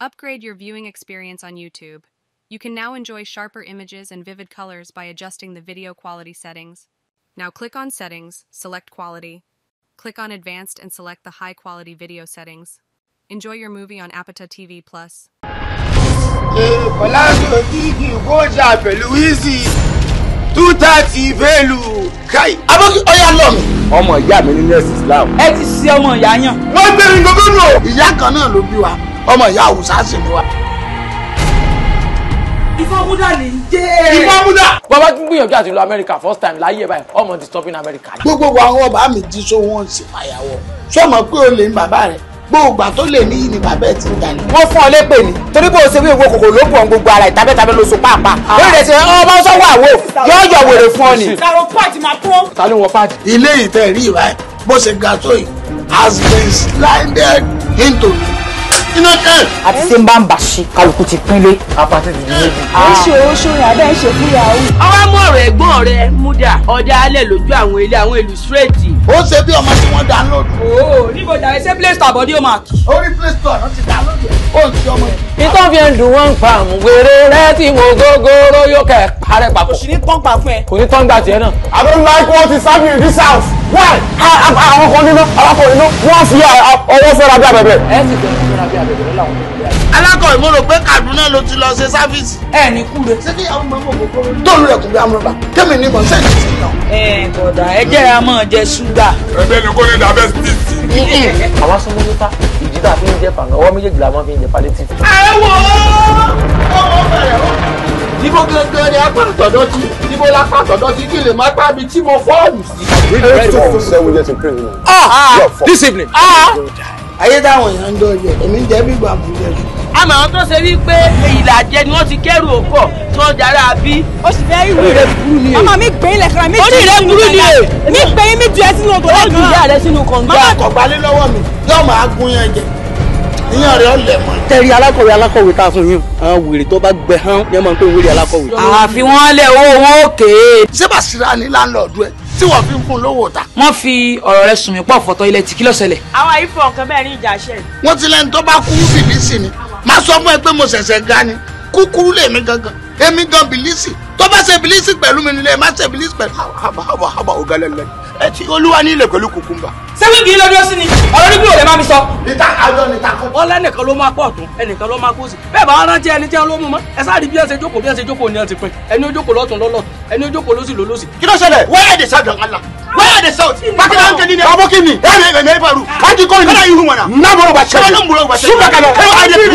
Upgrade your viewing experience on YouTube. You can now enjoy sharper images and vivid colors by adjusting the video quality settings. Now click on Settings, select Quality. Click on Advanced and select the High Quality Video settings. Enjoy your movie on Apata TV+. Plus. Islam. ọmọ yàn. gbé nù. ìyá kan ló bí wa. ọmọ ìyá àwùsá sì ni wa. ìfọmúdà lè jẹ́. ìfọmúdà. bàbá tún gbìyànjú àti lọ amẹ́ríkà first time láyé báyìí ọmọ disturbing amẹ́ríkà. gbogbo àwọn ọba mi ti so wọn sì fàyàwọ sọmọ pé o lè ní bàbá rẹ gbogbo àtó lè ní yìí ni bàbá ẹ ti jalè. wọ́n fún ọ lépè ni torí bó o ṣe wí ìwo kòkò ló pọ̀ gbogbo ara ìtabẹ́tabẹ́ ló so pàápàá ah. lórí rẹ̀ ṣe ọmọ sọ́wọ́ àwo yóò yọ wèrè fún ọ ni. sàrò pàdì máa kó. ta ló wọ pàdì. ilé ìtẹ̀ rí ìwà ẹ̀ bó ṣe ga tó yìí has been slided into me iná kẹ́. àti ṣé ń bá ń bà ṣe kálukú ti pínlẹ̀. apàtẹ ti di méjì. oṣù oṣù rẹ abẹ́ ṣe fún yahoo. ọwọ́ mú ọ̀rọ̀ ẹ̀gbọ́n rẹ múdà ọjà alẹ́ lójú àwọn ilé àwọn illustrate. ó ṣe bí ọmọ tí wọ́n download. ooo níbo jàre ṣé play store bọ́dí ó máa kì. orí play store ló ti download ó ń ọmọ ẹ̀. ìtọ́ fi ń dùn wọ́n pa àmúwèrè rẹ tí mo gógóró yóò kẹ́ parẹ́ papọ̀. kò sí ní tán pa fún ẹ. kò ní tán gbà tiẹ̀ náà. I don't like what is happening in this house. why? àwọn kan nínú àwọn kan nínú wọ́n fi uh, ọwọ́ fẹ́ra bí abẹ́bẹ́. ẹ ti bẹ̀rẹ̀ fẹ́ra bí abẹ́bẹ́ alákọ̀ ìmọ̀ràn pé Kaduna ló ti lọ ṣe sáfíìsì. ẹ ní kúre. ṣé kí àwọn ọmọ ògbó kúrò ní. tóun rẹ kò rí amúrọ̀bà kémi ní mọ̀ sẹ́yìn sí náà. ẹ bọ̀dà ẹ jẹ́ a máa jẹ ṣúgà. ẹgbẹ́ ni kò ní diabetes. àwa sọ fún yíta ìdí tá a fi ń jẹ fàǹgà ọwọ́ méjèèjì la máa fi ń jẹ palliative. ẹ wò ó ọmọ bẹ̀rẹ̀ ó ibo gangan ni apá àtọ̀dọ́ ti ibo lápá àtọ̀dọ́ ti kí lè má pa mi tí mo fọ́ọ̀lù sí. Ah! this evening. Ah, ah! ayé táwọn èèyàn ń dọ̀yẹ̀ èmi ń jẹ́ bí ìgbà àbújẹ sùn. àmọ́ àwọn tó ṣe wípé ìlà jẹ ni wọ́n ti kẹ́rù òkò tó dára bí. o sì fẹ́ ìwé rẹ burú ni e. ọmọ mi gbé ilẹ̀ kan mi jẹ́ ìlú dada mi gbé mi ju ẹ sínú kọ̀ọ̀kan. ó ju ìyá rẹ sínú kọ̀ọ̀kan. máa kọ̀ gbalẹ̀ lọ́wọ́ mi yóò máa gún yẹn jẹ ìyá rẹ̀ ọ̀lẹ̀ mọ́. tẹ̀rí alákọ̀wé alákọ̀wé tá a fún yín. àwọn wèrè tó bá gbẹ hán ni ẹ máa ń pè wèrè alákọ̀wé. àfi wọn lẹ owó wọn ò kéé. ṣé ni láńlọ́ọ̀dù ẹ tí wọ́n fi ń fún lówó ta. wọ́n fi ọ̀rọ̀ rẹ sùn mí pọ̀ fọ́tọ́ ilẹ̀ tí kí ló ṣẹlẹ̀. àwa yìí fọ nǹkan bẹ́ẹ̀ ní ìjà ṣẹ̀. wọ́n ti lẹ́ni tó bá kú bìbí sí ni máa sọ fún ẹ pé mo ṣẹ̀ṣẹ̀ ga ni kúkúrú lè mi gangan èmi gan bìlísì tó bá ṣe bìlísì pẹ̀lú mi nílé má ṣe bìlísì pẹ̀lú. àbá àbá àbá ọ̀gá lẹ́lẹ́ni ẹ ti olúwa ní ilẹ̀ pẹ̀lú kùkùmbà. sẹ́wìn kì í lọ́dún sí ni ọ̀rọ̀ nígbà òde máa mi sọ. níta àjọ níta kọ. ọlá nìkan ló máa pọ̀ tún ẹnìkan ló máa kó sí bẹ́ẹ̀ bá rántí ẹni tí wọ́n mọ́ ẹ sáà bí ẹ ṣe jókòó bí ẹ ṣe jókòó ni ẹ ti pin ẹni ó lọ́tún lọ́lọ́ ẹni ó lọ́sì lọ́lọ́sì. kí ló ṣẹlẹ̀ where the south Allah where the south pakistan kẹ́ni ni. ni. ẹ ẹ ẹ ẹ baru. a ti kọ́ ni. n'a mọ̀rọ̀ bá ṣẹlẹ̀. n'a mọ̀rọ̀ bá ṣẹlẹ̀. sunba kana. ẹ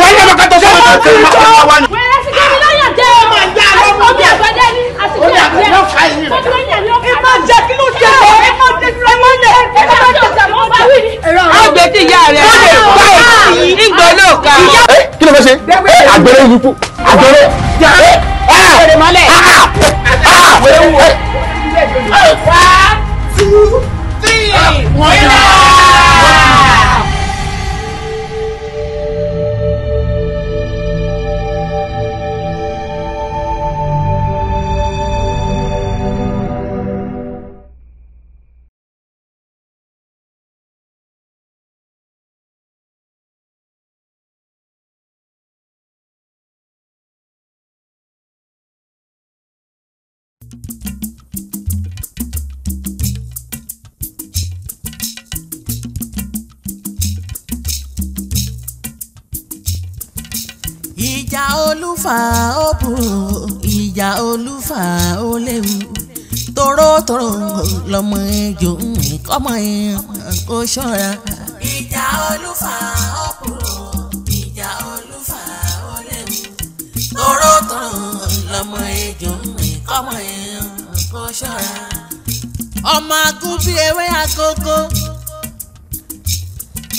wà á yẹ kí ló fẹ́ ṣe àgbẹ̀rẹ̀ yìí kú yàrá àgbẹ̀rẹ̀ mọ́lẹ̀. àgbẹ̀rẹ̀ wọ̀. one two three. olúfà ó léwu torótoró lọmọ ejò kọmọ yẹn kó ṣọ́ra. ìjà olúfà ọkùnrin ìjà olúfà ó léwu torótoró lọmọ ejò kọmọ yẹn kó ṣọ́ra. ọmọ akún bí ewé àkókò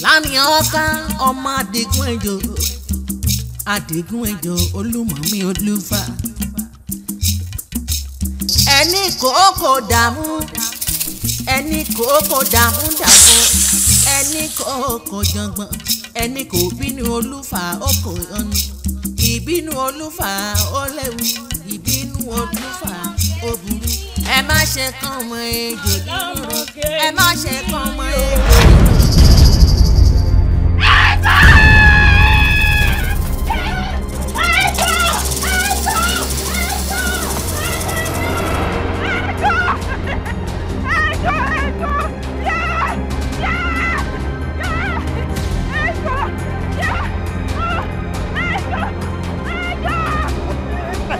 lánìyàn ọ̀ka ọmọ adigun ejò adigun ejò olúmọ mi olúfà ẹni kòókò dààmú ẹni kòókò dààmú dààmú ẹni kòókò jọ̀ngbọ̀n ẹni kò bínú olúfà okò yọnu ìbínú olúfà ó léwu ìbínú olúfà ó burú ẹ má ṣe kàn mọ́ ejò nínú ẹ má ṣe kàn mọ́ ejò nínú.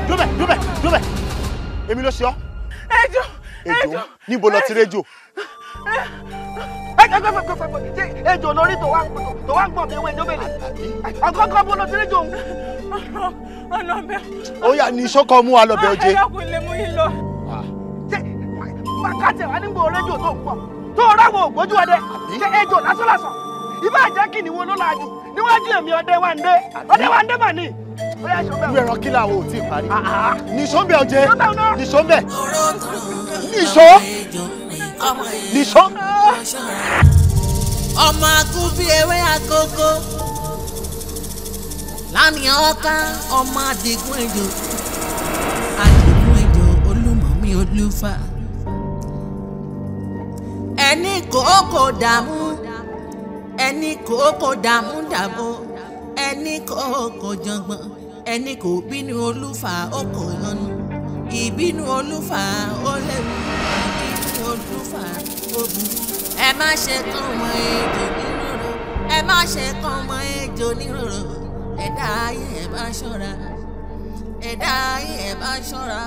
dúbẹ̀ dúbẹ̀ dúbẹ̀ èmi ló ṣe ọ́. ejò ejò níbo lọ ti rédíò. ejò lórí tó wá tó wá ń gbọ̀n bí ewé ejò bèlè ọgọ́gọ́ bó lọ ti rédíò òun. ọ̀nà ọ̀nà bẹ́ẹ̀. ó yà ní sọ́kọ̀ mú wa lọ bẹ́ẹ̀ jẹ́. ẹ yà kò lè mú yín lọ fa kátẹ̀ wá nígbò rédíò tó ń pọ̀ tó ráwọ̀ ògbójú ọdẹ ṣe ejò lásánlàsàn ìbá jẹ́ kí ni wo ló lajú níwájú èmi ọdẹ wa ń dé ọdẹ wa ń dé mà ní. irú ẹran kí làwọn ò tí ì parí ah, ah. nìṣó ń bẹ ọjẹ nìṣó ń bẹ nìṣó nìṣó. ọmọ akún ewé àkókò lánìí ọkà ọmọ adigun ejò adigun ejò olúmọ olúfa ẹni kòókò dààmú ẹni kòókò dààmú dààmú ẹni kòókò jọ̀gbọ̀n ẹni kò bínú olúfà ọkọ yọnu ìbínú olúfà ó léwu ìbínú olúfà ó burú ẹ má ṣe kàn mọ́ ejò níròrò ẹ má ṣe kàn mọ́ ejò níròrò ẹ̀dá ayé ẹ bá ṣọ́ra ẹ̀dá ayé ẹ bá ṣọ́ra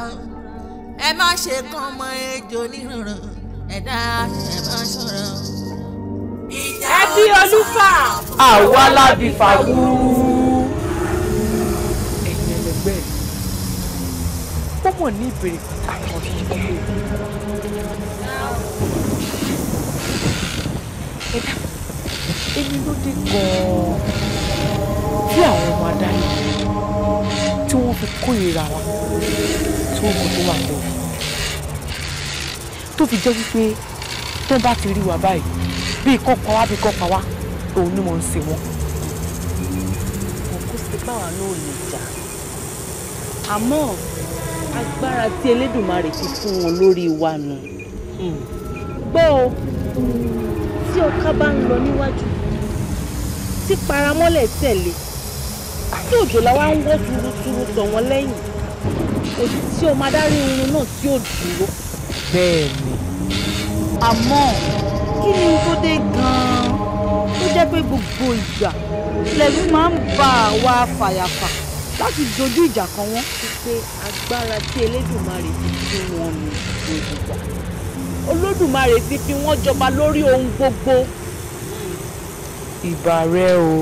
ẹ má ṣe kàn mọ́ ejò níròrò ẹ̀dá ẹ̀bá ṣọ́ra. ẹbí olúfà. àwa lábí fàwúrú. ẹ̀yin ẹlẹgbẹ́ ó mọ̀ ní ìbéèrè pàtàkì ọ̀sán tó lè rí. ẹ̀dá èmi ló dé gan-an bí àwọn ọmọ adáyé tí wọ́n fi kó ìra wa tó kò tó wà lọ́wọ́ tó fi jẹ́ wípé tó bá ti rí wa báyìí bí kọ́pa wá bí kọ́pa wá òun ni mo ń ṣe wọn. òkú sí báwa náà lè jà àmọ́ agbára tí Elédùmarè ti fún wọn lórí wa nù hmm. gbọ́ o tí ọká bá ń lọ níwájú tí paramọ́lẹ̀ tẹ̀lé tí òjò la ń wọ́ turuturu tọ̀ wọ́n lẹ́yìn òjì tí ọmọ adarí irun náà tí ò dúró bẹ́ẹ̀ ni. àmọ́ kí ni tó dé gan-an tó jẹ́ pé gbogbo ìgbà lẹ́rú máa ń bá àwa fàyàfà láti dojú ìjà kan wọ́n. pé agbára tí Elédùmarè ti fún wọn ni gbogbo Olódùmarè ti fi wọ́n jọba lórí ohun gbogbo. ìbà rẹ o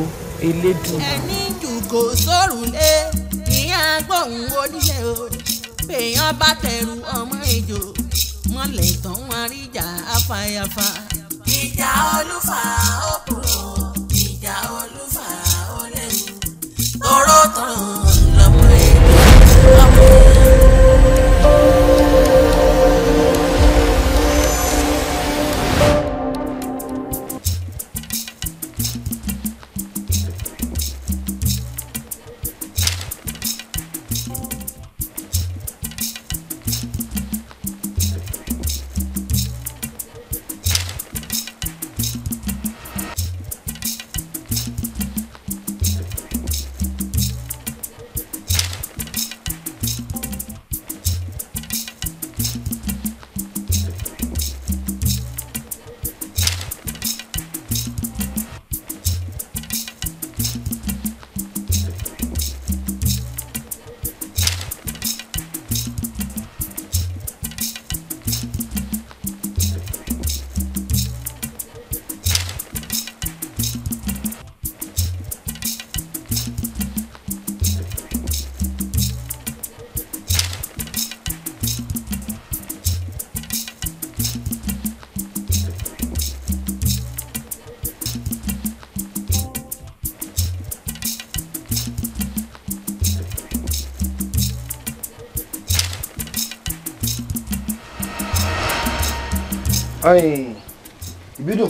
Elédùmarè. ẹni jùgò sórùn lé ìyá gbóhùn onílé o èèyàn bá tẹrù ọmọ ìjò mọ́lẹ̀ tán wọn àríjà afáyàfá. ìjà olúfà ó kù ìjà olúfà ó lẹ́nu ìbídùn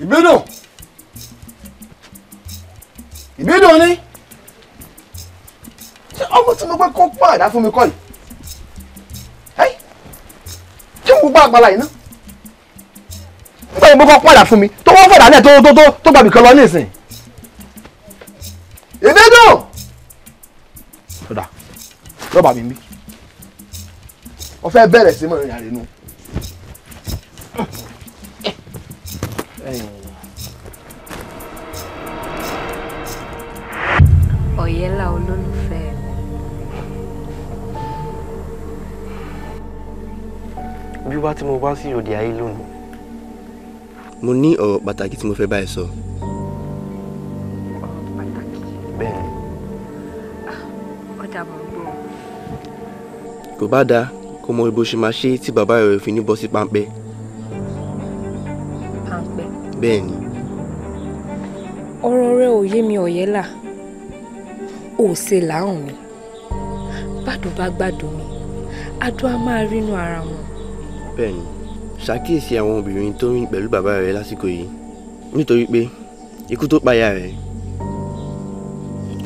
ìbídùn ìbídùn ni ṣé ọmọ tí mo gbé kó pàdá fún mi kọ́ yìí ṣé mo gbọ́ àgbàlá yìí ná nígbà yìí mo kọ́ pàdá fún mi tó wọ́n fọ̀dà náà tó tó tó gbàgbé kan lọ ní ìsìn ìbídùn. lọ́ba mi ń fẹ́ bẹ̀rẹ̀ sí mọ̀ ìrìn àrè nu. ọ̀yẹ́là olólùfẹ́ bí wá tí mo wá sí òde ayé lónìí. mo ní ọ̀rọ̀ pàtàkì tí mo fẹ́ bá ẹ sọ. Ah, kò bá dáa kó mọ bó ṣe máa ṣe tí bàbá rẹ̀ fi ní bọ́ sí páńpẹ́. páńpẹ́. bẹ́ẹ̀ ni. ọ̀rọ̀ rẹ ò yé mi ọ̀yẹ́ là ò ṣe láhùn mi gbàdùn bá gbàdùn mi adùn á máa rínú ara wọn. bẹ́ẹ̀ ni ṣàkíyèsí àwọn obìnrin tó rìn pẹ̀lú bàbá rẹ̀ lásìkò yìí nítorí pé ikú tó payà rẹ̀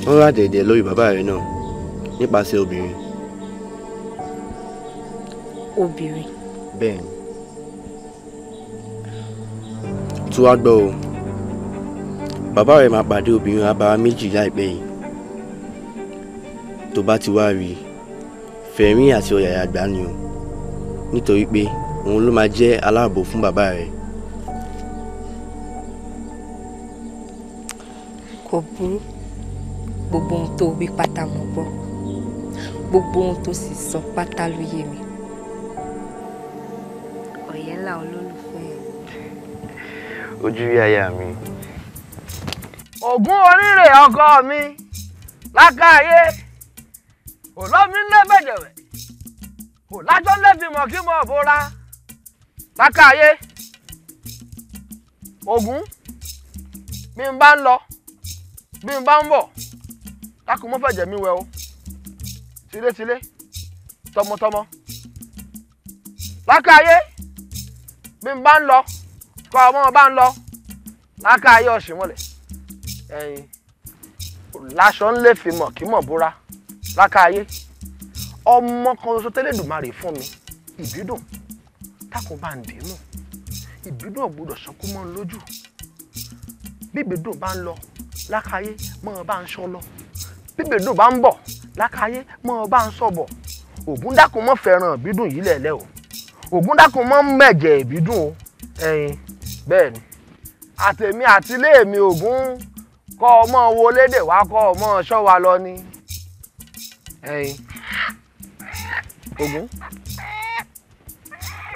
wọ́n rà dẹ̀dẹ̀ lórí bàbá rẹ̀ náà nípasẹ̀ obìnrin obìnrin. bẹ́ẹ̀ ni tó wá gbọ́ o bàbá rẹ̀ máa pàdé obìnrin abara méjì láìpẹ́ yìí tó bá ti wá rí i fẹ̀rín àti ọ̀yàyà àgbà ni o nítorí pé òun ló máa jẹ́ aláàbò fún bàbá rẹ̀. kò burú gbogbo ohun tó wí pátá mo gbọ́ gbogbo ohun tó sì sọ pátá ló yé mi ojú yàyà mi. ògún onírè ọkọ mi lákàáyé òlómi ńlẹ́bẹ̀jẹ̀wẹ̀ kò lájọ́ lẹ́fìmọ̀ kí mo bóra lákàáyé ògún bí n bá ń lọ bí n bá ń bọ̀ dákun fẹ̀jẹ̀ mi wẹ̀ o tilétilé tọmọtọmọ lákàáyé bí n bá ń lọ kọ́ ọmọ bá ń lọ láká ayé ọ̀sìn mọ́lẹ̀ ẹ̀yìn láṣọ ń lè fi mọ̀ kí mọ̀ búra láká ayé ọmọ kan ṣoṣo tẹ́lẹ̀dùmarè fún mi ìbídùn tákùn bá ń dìímù ìbídùn ò gbọdọ̀ sọkú mọ́ lójú bí ìbídùn bá ń lọ láká ayé mọ́ ọ bá ń sọ lọ bí ìbídùn bá ń bọ̀ láká ayé mọ́ ọ bá ń sọ bọ̀ ògúndàkùn mọ́ fẹ́ràn ìbídùn yìí lẹ̀lẹ́ o ògúndàkùn mọ́ mẹ́jẹ̀ ìbídùn o ẹ̀yìn bẹ́ẹ̀ni àtẹ̀mí àti ilé mi ògún kọ́ ọmọ wọlé dè wá kọ́ ọmọ ṣọ́ wa lọ ni ẹ̀yin ògún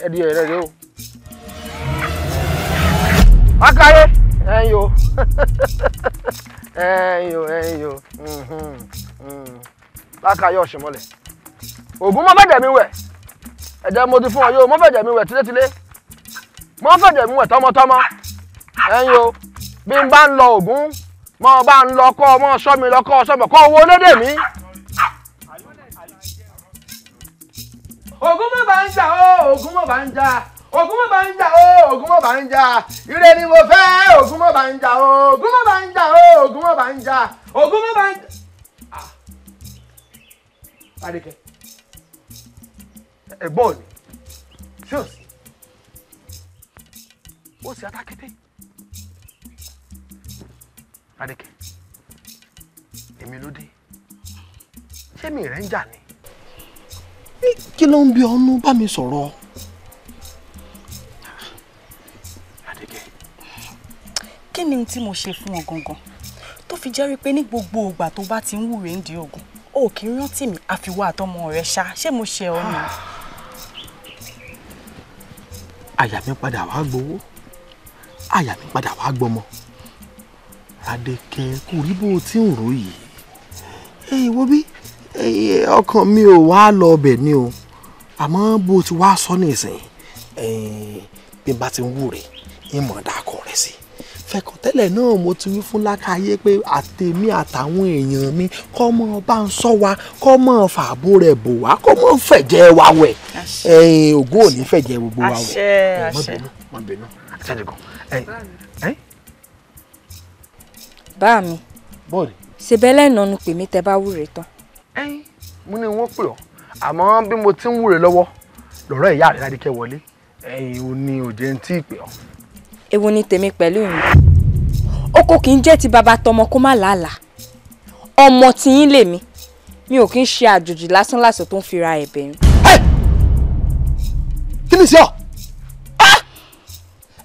ẹ̀dí ẹ̀rẹ́ rẹ o wákàyé ẹ̀yin o ẹ̀yin o ẹ̀yin o lákàyé ọ̀ṣunmọ́lẹ̀ ògún mọ́fẹ́jẹ̀mí wẹ̀ ẹ̀jẹ̀ mo ti fún ọ yóò mọ́fẹ́jẹ̀mí wẹ̀ tilétilé mọ́ fẹ̀jẹ̀ mú ẹ̀ tọmọtọmọ ẹ̀yin o bí n bá ń lọ Ògún mọ́ ọ bá ń lọ kọ́ ọ mọ́ sọ́ mi lọ kọ́ ọ sọ́mọ̀ kọ́ owó lédè mi. Ògún mọ̀ bá ń jà ó Ògún mọ̀ bá ń jà Ògún mọ̀ bá ń jà ó Ògún mọ̀ bá ń jà ire ni mo fẹ́ Ògún mọ̀ bá ń jà ó Ògún mọ̀ bá ń jà ó Ògún mọ̀ bá ń jà Ògún mọ̀ bá ń jà. Adékẹ́ ẹ̀gbọ́n mi ṣé o sí ó sì atákété adéke èmi ló dé ṣé mi rẹ ń jà ni. kí ló ń bí ọnú bá mi sọ̀rọ̀. adéke. kí ni tí mo ṣe fún ọ gangan tó fi jẹ́ wípé ní gbogbo ìgbà tó bá ti ń wúre ń di oògùn o kì í rántí mi àfiwá àtọmọ rẹ ṣá ṣé mo ṣe ọ ni. Ah. àyà mi padà wá gbowó àyà mi padà wá gbọmọ Adékẹ́ kò rí bó o ti ń rò yìí ẹ wo bí ọkàn mi ò wá lọ ọbẹ̀ ni o àmọ́ bó o ti wá sọ nìsín bí n bá ti ń wù rẹ̀ ìmọ̀ dàkọ̀ rẹ̀ sí fẹ̀kọ̀ tẹ́lẹ̀ náà mo ti wí fún lákàyé pé àtèmi àtàwọn èèyàn mi kọ́ mọ́ bá ń sọ wa kọ́ mọ́ fàbó rẹ̀ bò wá kọ́ mọ́ fẹ̀jẹ̀ wa wẹ̀ ògùn ò ní fẹ̀jẹ̀ gbogbo wa wẹ̀ mọ́ bínú mọ́ bínú bá mi bọ́ọ̀dì ṣe bẹ́lẹ̀ ìnánu pè mí tẹ́ bá wúre tán. mo ní wọ́n pè ọ́ àmọ́ bí mo ti ń wúre lọ́wọ́ lọ́rọ̀ ìyá rẹ̀ ládìkẹ́ wọlé ẹ̀yìn ò ní òjé ń tí ì pè ọ́. èwo ni tèmi pẹ̀lú ìrìn oko kì í jẹ́ ti bàbá tọmọ kó má làálàá ọmọ tiyín lèmi mi ò kí ń ṣe àjòjì lásánlàsàn tó ń fira ẹ̀bẹ̀ rìn. kí ni sí ọ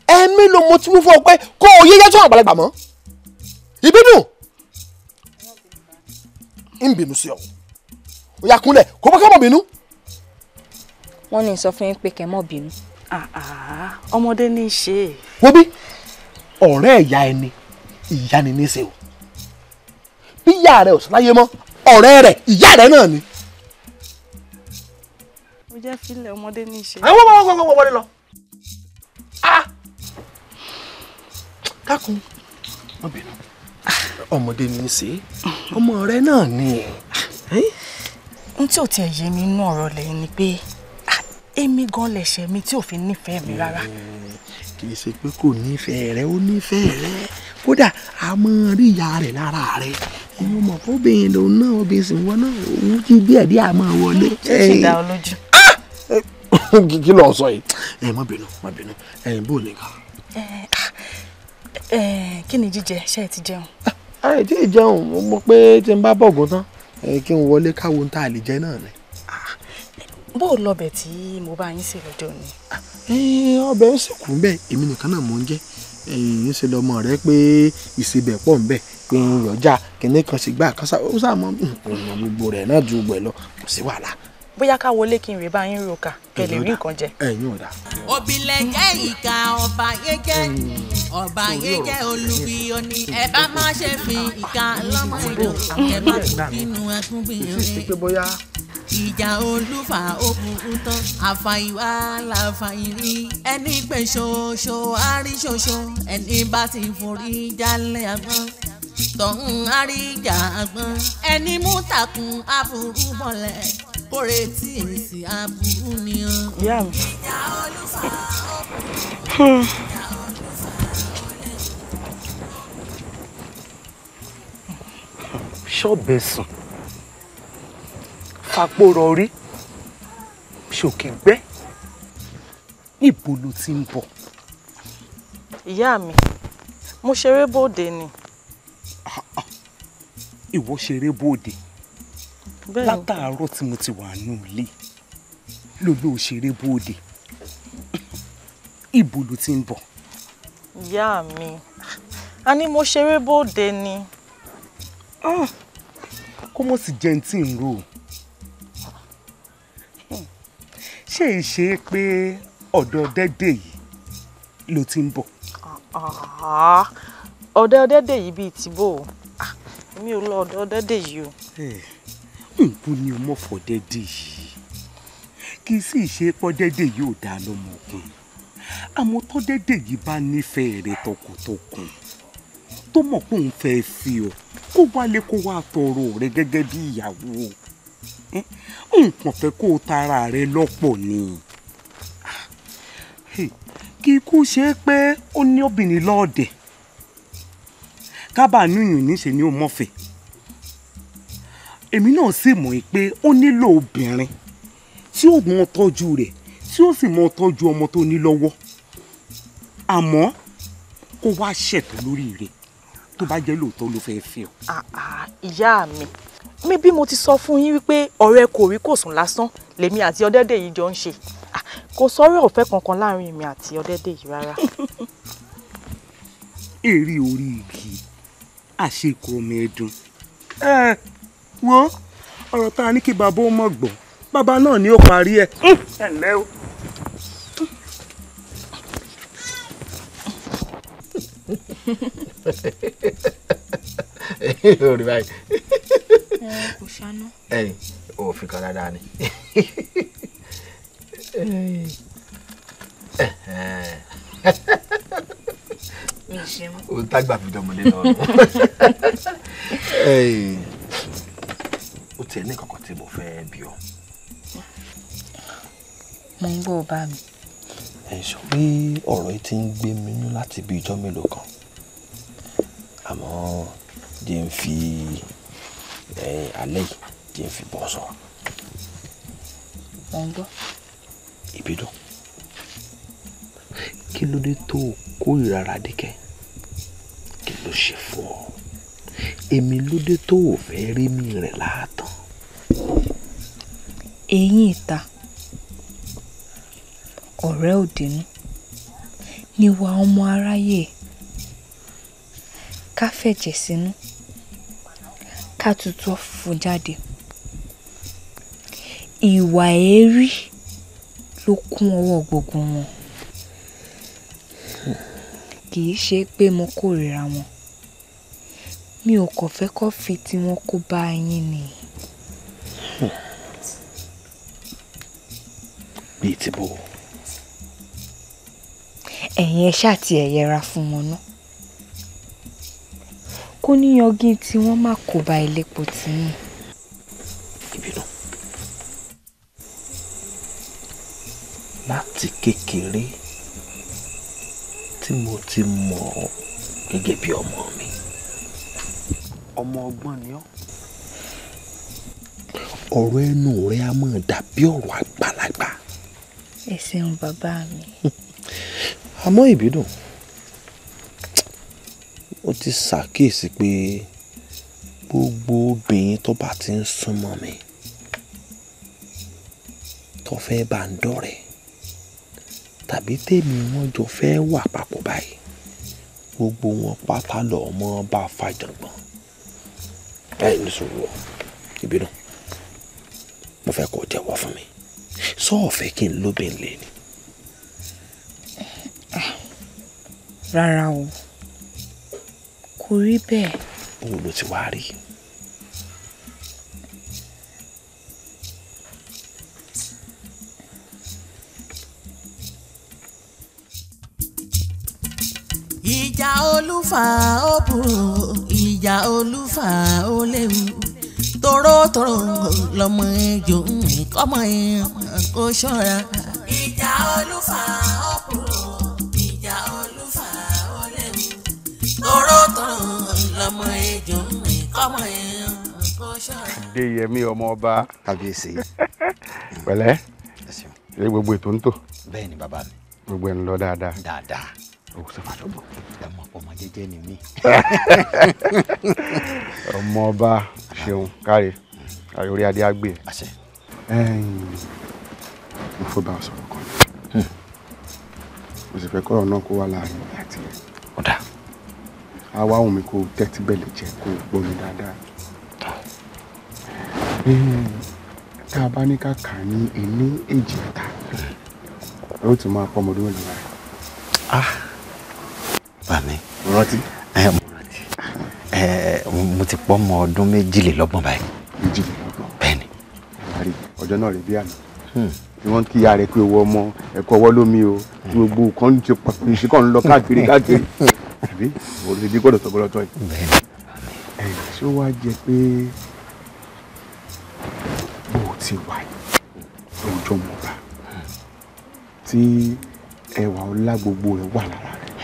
ẹ mélòó mo ti wú fún ọ pé kó o yéyá tó àgbàlagbà mọ́ ìbínú ń bínú sí ọ ó yà kúnlẹ̀ kó bá kábọ̀ bínú. wọ́n ní sọ fún yín pé kẹ́ bínú. Ah, ah, ọmọdé ní í ṣe. wo bí ọ̀rẹ́ ìyá ẹni ìyá ni ní í ṣe o bí ìyá rẹ ò sáláyé mọ́ ọ̀rẹ́ rẹ ìyá rẹ náà ni. mo jẹ́ filẹ̀ ọmọdé ní í ṣe. àwọn ọmọ wọn gbọ́dọ̀ wọlé lọ. ah dákun ọbẹ̀nà ọmọdé ní í ṣe ọmọ rẹ náà ni. ohun tí ò tiẹ̀ yé mi inú ọ̀rọ̀ lẹ́yìn ni pé èmi gan lẹ̀ṣẹ̀ mi tí ò fi nífẹ̀ẹ́ mi rárá. kì í ṣe pé kò nífẹ̀ẹ́ rẹ ó nífẹ̀ẹ́ rẹ kódà a máa rí ìyá rẹ lára rẹ ẹni ọmọ obìnrin lòun náà obìnrin sì ń wọ náà òun ti díẹ̀ díẹ̀ a máa wọlé. ṣé ìdá olójú. kí ló sọ yìí ẹ má bínú má bínú ẹyin bò nìkan kí ni jíjẹ ṣé ẹ ti jẹun. àì ah, tí ì jẹun mo mọ pé tí n bá bọ̀gùn tán kí n wọlé káwo ń tà lè jẹ náà ni. Ah, bó o lọbẹ̀ tí mo bá yín ṣe lọ́jọ́ ni. Ah, ọbẹ̀ ń sìnkú bẹ́ẹ̀ èmi nìkan náà mò ń jẹ́ ń ṣe lọ́mọ rẹ pé ìṣebẹ̀ pọ̀ ń bẹ̀ pé ń yọjà kìnnìkan ṣègbà kan sáà ó sáà mọ gbogbo rẹ̀ náà ju gbẹ̀ lọ kò sí wàhálà bóyá ká wọlé kí n rè bá yín roka kẹ lè rí nǹkan jẹ. ẹyin ò dá. òbílẹ̀kẹ́ ìka ọba yẹ́kẹ́ mm. ọba yẹ́kẹ́ olùbí oní ẹ má ṣe fi ìka lọ́mọ ìlú ẹ má bínú ẹkúnbìnrin ìjà olúfà òkùnkùn tán àfàìwá làfàìrí ẹni gbé ṣoṣo àrí ṣoṣo ẹni bá ti forí jálẹ̀ àgbọn tọ̀hún àríjà àgbọn ẹni mú takùn àbúrú bọ̀lẹ̀ kó retí èsì aburú ni o. ìyá mi. ṣọ́ọ̀bù ẹ̀sùn fapò rọrí ṣòkè gbẹ́ níbo ló ti ń bọ̀. ìyá mi mo ṣeré bóde ni. ìwọ ṣeré bóde látàárọ̀ tí mo ti wà nù ilé lolo òṣèré bóde ibo ló ti ń bọ̀. ìyá mi a ní mo ṣeré bóde ni. Ah, kó mo sì jẹun tí ń rò ṣé ì ṣe é pé ọ̀dọ̀ dẹ́dẹ̀ yìí ló ti ń bọ̀. ọ̀dọ̀ dẹ́dẹ̀ yìí bíi tìbò ah, mi ò lọ ọ̀dọ̀ dẹ́dẹ̀ yìí o. Eh nǹkan ni o mọ̀ fọ̀dẹ́dẹ́ yìí kì í sì ṣe pọ́dẹ́dẹ́ yóò dá lọ́mọkùn àmọ́ tọ́dẹ́dẹ́ yìí bá nífẹ̀ẹ́ rẹ tọkàntọkàn tó mọ̀ pé òun fẹ́ fi ọ kó wálé kó wá tọrọ rẹ gẹ́gẹ́ bí ìyàwó nǹkan fẹ́ kó o tara rẹ lọ́pọ̀ ni kí ikú ṣe pé ó ní obìnrin lọ́ọ̀dẹ̀ kábàánú yìnyín ṣe ni ó mọ̀fẹ́ èmi náà sì mọ̀ ẹ́ pé ó nílò obìnrin tí ó mọ tọ́jú rẹ̀ tí ó sì mọ tọ́jú ọmọ tó ní lọ́wọ́ àmọ́ kó wá ṣètò lórí rẹ̀ tó bá jẹ́ lóòótọ́ ló fẹ́ fẹ́ ọ. ìyá mi mi bí mo ti sọ fún yín wípé ọ̀rẹ́ kò rí kò sùn lásán lèmi àti ọ̀dẹ́dẹ̀ yìí jọ ń ṣe kò sọ̀rọ̀ ọ̀fẹ́ kankan láàrin mi àti ọ̀dẹ́dẹ̀ yìí rárá. èrè orí igi àṣekọ ọmọ ẹdun wo ọ̀rọ̀ tá a ní kí bàbá ó mọ̀ gbọ́ bàbá náà ni ó parí ẹ̀ ẹ̀ o. orí báyìí. kò ṣáná. ẹyìn òfin kan dáadáa ni. o tágbà fi dọmọdé lọ. ó tiẹ̀ ní kankan tí mo fẹ́ bí ọ. mo ń gbọ́ bá mi. ẹ sọ pé ọ̀rọ̀ yìí ti ń gbé mi nú láti bí ijọ́ mélòó kan àmọ́ jẹ́ ń fi alẹ́ yìí jẹ́ ń fi bọ́ sọ. mo ń gbọ́. ìbídùn kí ló dé tó o kórìíra Àdìkẹ́ kí ló ṣe fún ọ èmi ló dé tó ò fẹ́ rí mi rẹ̀ láàtàn. eyín ìta ọ̀rẹ́ òdìní níwà ọmọ aráyé ká fẹ̀jẹ̀ sínú ká tutù funfun jáde ìwà èérí ló kún ọwọ́ gbogbo wọn kì í ṣe pé mo kórìíra wọn mi ò kàn fẹ́ kó fi tiwọn kó bá yín ni. bíi ti bò. ẹ̀yin ẹ ṣáà ti ẹ̀ yẹra fún wọn náà kó níyangí tí wọ́n má kó ba ilépo tì yín. ìbínú láti kékeré tí mo ti mọ̀ gẹ́gẹ́ bí ọmọ mi ọmọ ọgbọ́n ni ọ́. ọ̀rọ̀ ẹnu rẹ a máa dàbí ọ̀rọ̀ àgbàlagbà. ẹ ṣeun bàbá mi. àmọ́ ìbídùn ó ti ṣàkíyèsí pé gbogbo obìnrin tó bá ti ń súnmọ́ mi tó fẹ́ bá ń dọ̀rẹ́ tàbí tèmi wọn jọ fẹ́ wà papọ̀ báyìí gbogbo wọn pátá lọ́ọ́ mọ́ bá fàjọ̀gbọ́n ẹ ní sùúrù o ìbínú mo fẹ́ kó tẹ̀wọ́ fún mi sọ ọ̀fẹ́ kí n lóbìn lè ní. rárá o kò rí bẹ́ẹ̀. bó ló ti wá rí. ìjà olúfà ó burú ìjà olúfà ó léwu torótoró lọmọ ejò kọmọ èèyàn kó ṣọ́ra. ìjà olúfà ó kúrò ìjà olúfà ó léwu torótoró lọmọ ejò kọmọ èèyàn kó ṣọ́ra. adéyẹmí ọmọ ọba kábíyèsí pẹ̀lẹ́ ṣe gbogbo ètò ń tò. bẹ́ẹ̀ ni bàbá mi. gbogbo ẹ̀ ń lọ dáadáa. dáadáa. owó sọ fàdúgbò kristẹni mi. ọmọ ọba ṣeun káre káre orí adé àgbè. mo fẹ́ bá ọ sọ̀rọ̀ kan hmm. mo sì fẹ́ kọ́rọ̀ náà kó wá láàrin mi àti ẹ̀. ọ̀dà. àwa ohun mi kò tẹ́tí bẹ̀lẹ̀ jẹ́ kó gbọ́ mi dáadáa. tá a bá ní ká kà ní ẹni èjì ẹ̀ta ó ti máa pọ́ ọmọdé wọn lọ́wọ́ rántí. mo ti pọ́ ọmọ ọdún méjìlélọ́gbọ̀n báyìí. méjìlélọ́gbọ̀n bẹ́ẹ̀ni. ọjọ́ náà rè bí àná tí hmm. wọ́n kí ya rẹ̀ pé owó ọmọ ẹ̀kọ́ ọwọ́ lómi o tí hmm. gbogbo kan ti pàpẹ́ ìṣe kan lọ káàkiri hmm. káàkiri àbí olùdíje gbọ́dọ̀ tọ́ gbọ́dọ̀ tọ́ yìí. ẹ̀yìn tí ó wá jẹ pé bó o ti wà lóòjọ́ mọ̀ọ́ba tí ẹwà ọlá gbogbo rẹ̀ wà lára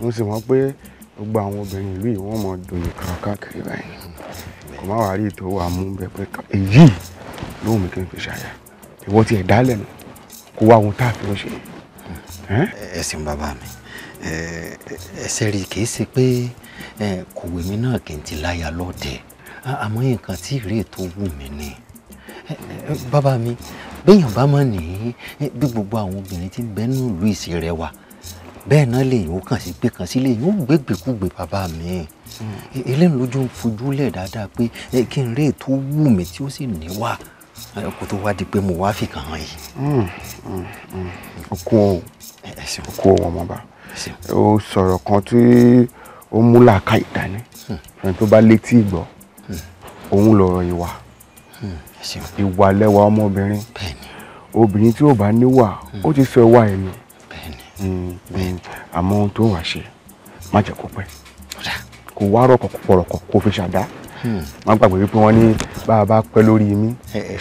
mo sì mọ̀ pé gbogbo àwọn obìnrin ìlú yìí wọ́n mọ̀ dòyìn kan káàkiri báyìí kò má wàá rí ètò wa mú bẹ́ẹ̀ pé èyí lóhùn mi kí n fi ṣàyà ìwọ ti ẹ̀ dálẹ̀ nù kó wá ohun tá a fi ń ṣe. ẹ bàbá mi ẹsẹ̀ rí kì í ṣe pé kòwé mi náà kì í ti láya lọ́dẹ àmọ́ nǹkan tí ìrè tó wù mí ni bàbá mi béèyàn bá mọ̀ ní bí gbogbo àwọn obìnrin tí ń bẹ́nu ìlú rẹwà bẹ́ẹ̀ náà lèyìn ó kàn sí gbé kan sílé yìí ó gbégbèkúgbè bàbá mi hmm. eléyìí lójú ń fojú lẹ̀ dáadáa pé kí n rí ètò wù mí tí ó sì níwà kó tó wá di pé mo wá fìkàn hàn yìí. okun hmm, hmm, o okun o wọn mọba o sọ̀rọ̀ kan tí ó mú làákà ìdání ẹni tó bá létí ìgbọ́ òun lọ̀rọ̀ ìwà ìwà lẹ́wà ọmọbìnrin obìnrin tí ò bá níwà ó ti sọ ìwà ẹ̀ àmọ́ ohun tó wàá ṣe má jẹ́ kó pẹ́ kó wá rọ̀kọ̀ pọ̀rọ̀kọ̀ kó fi ṣàdá hmm. má gbàgbé wípé wọ́n ní bá a bá pẹ́ lórí mi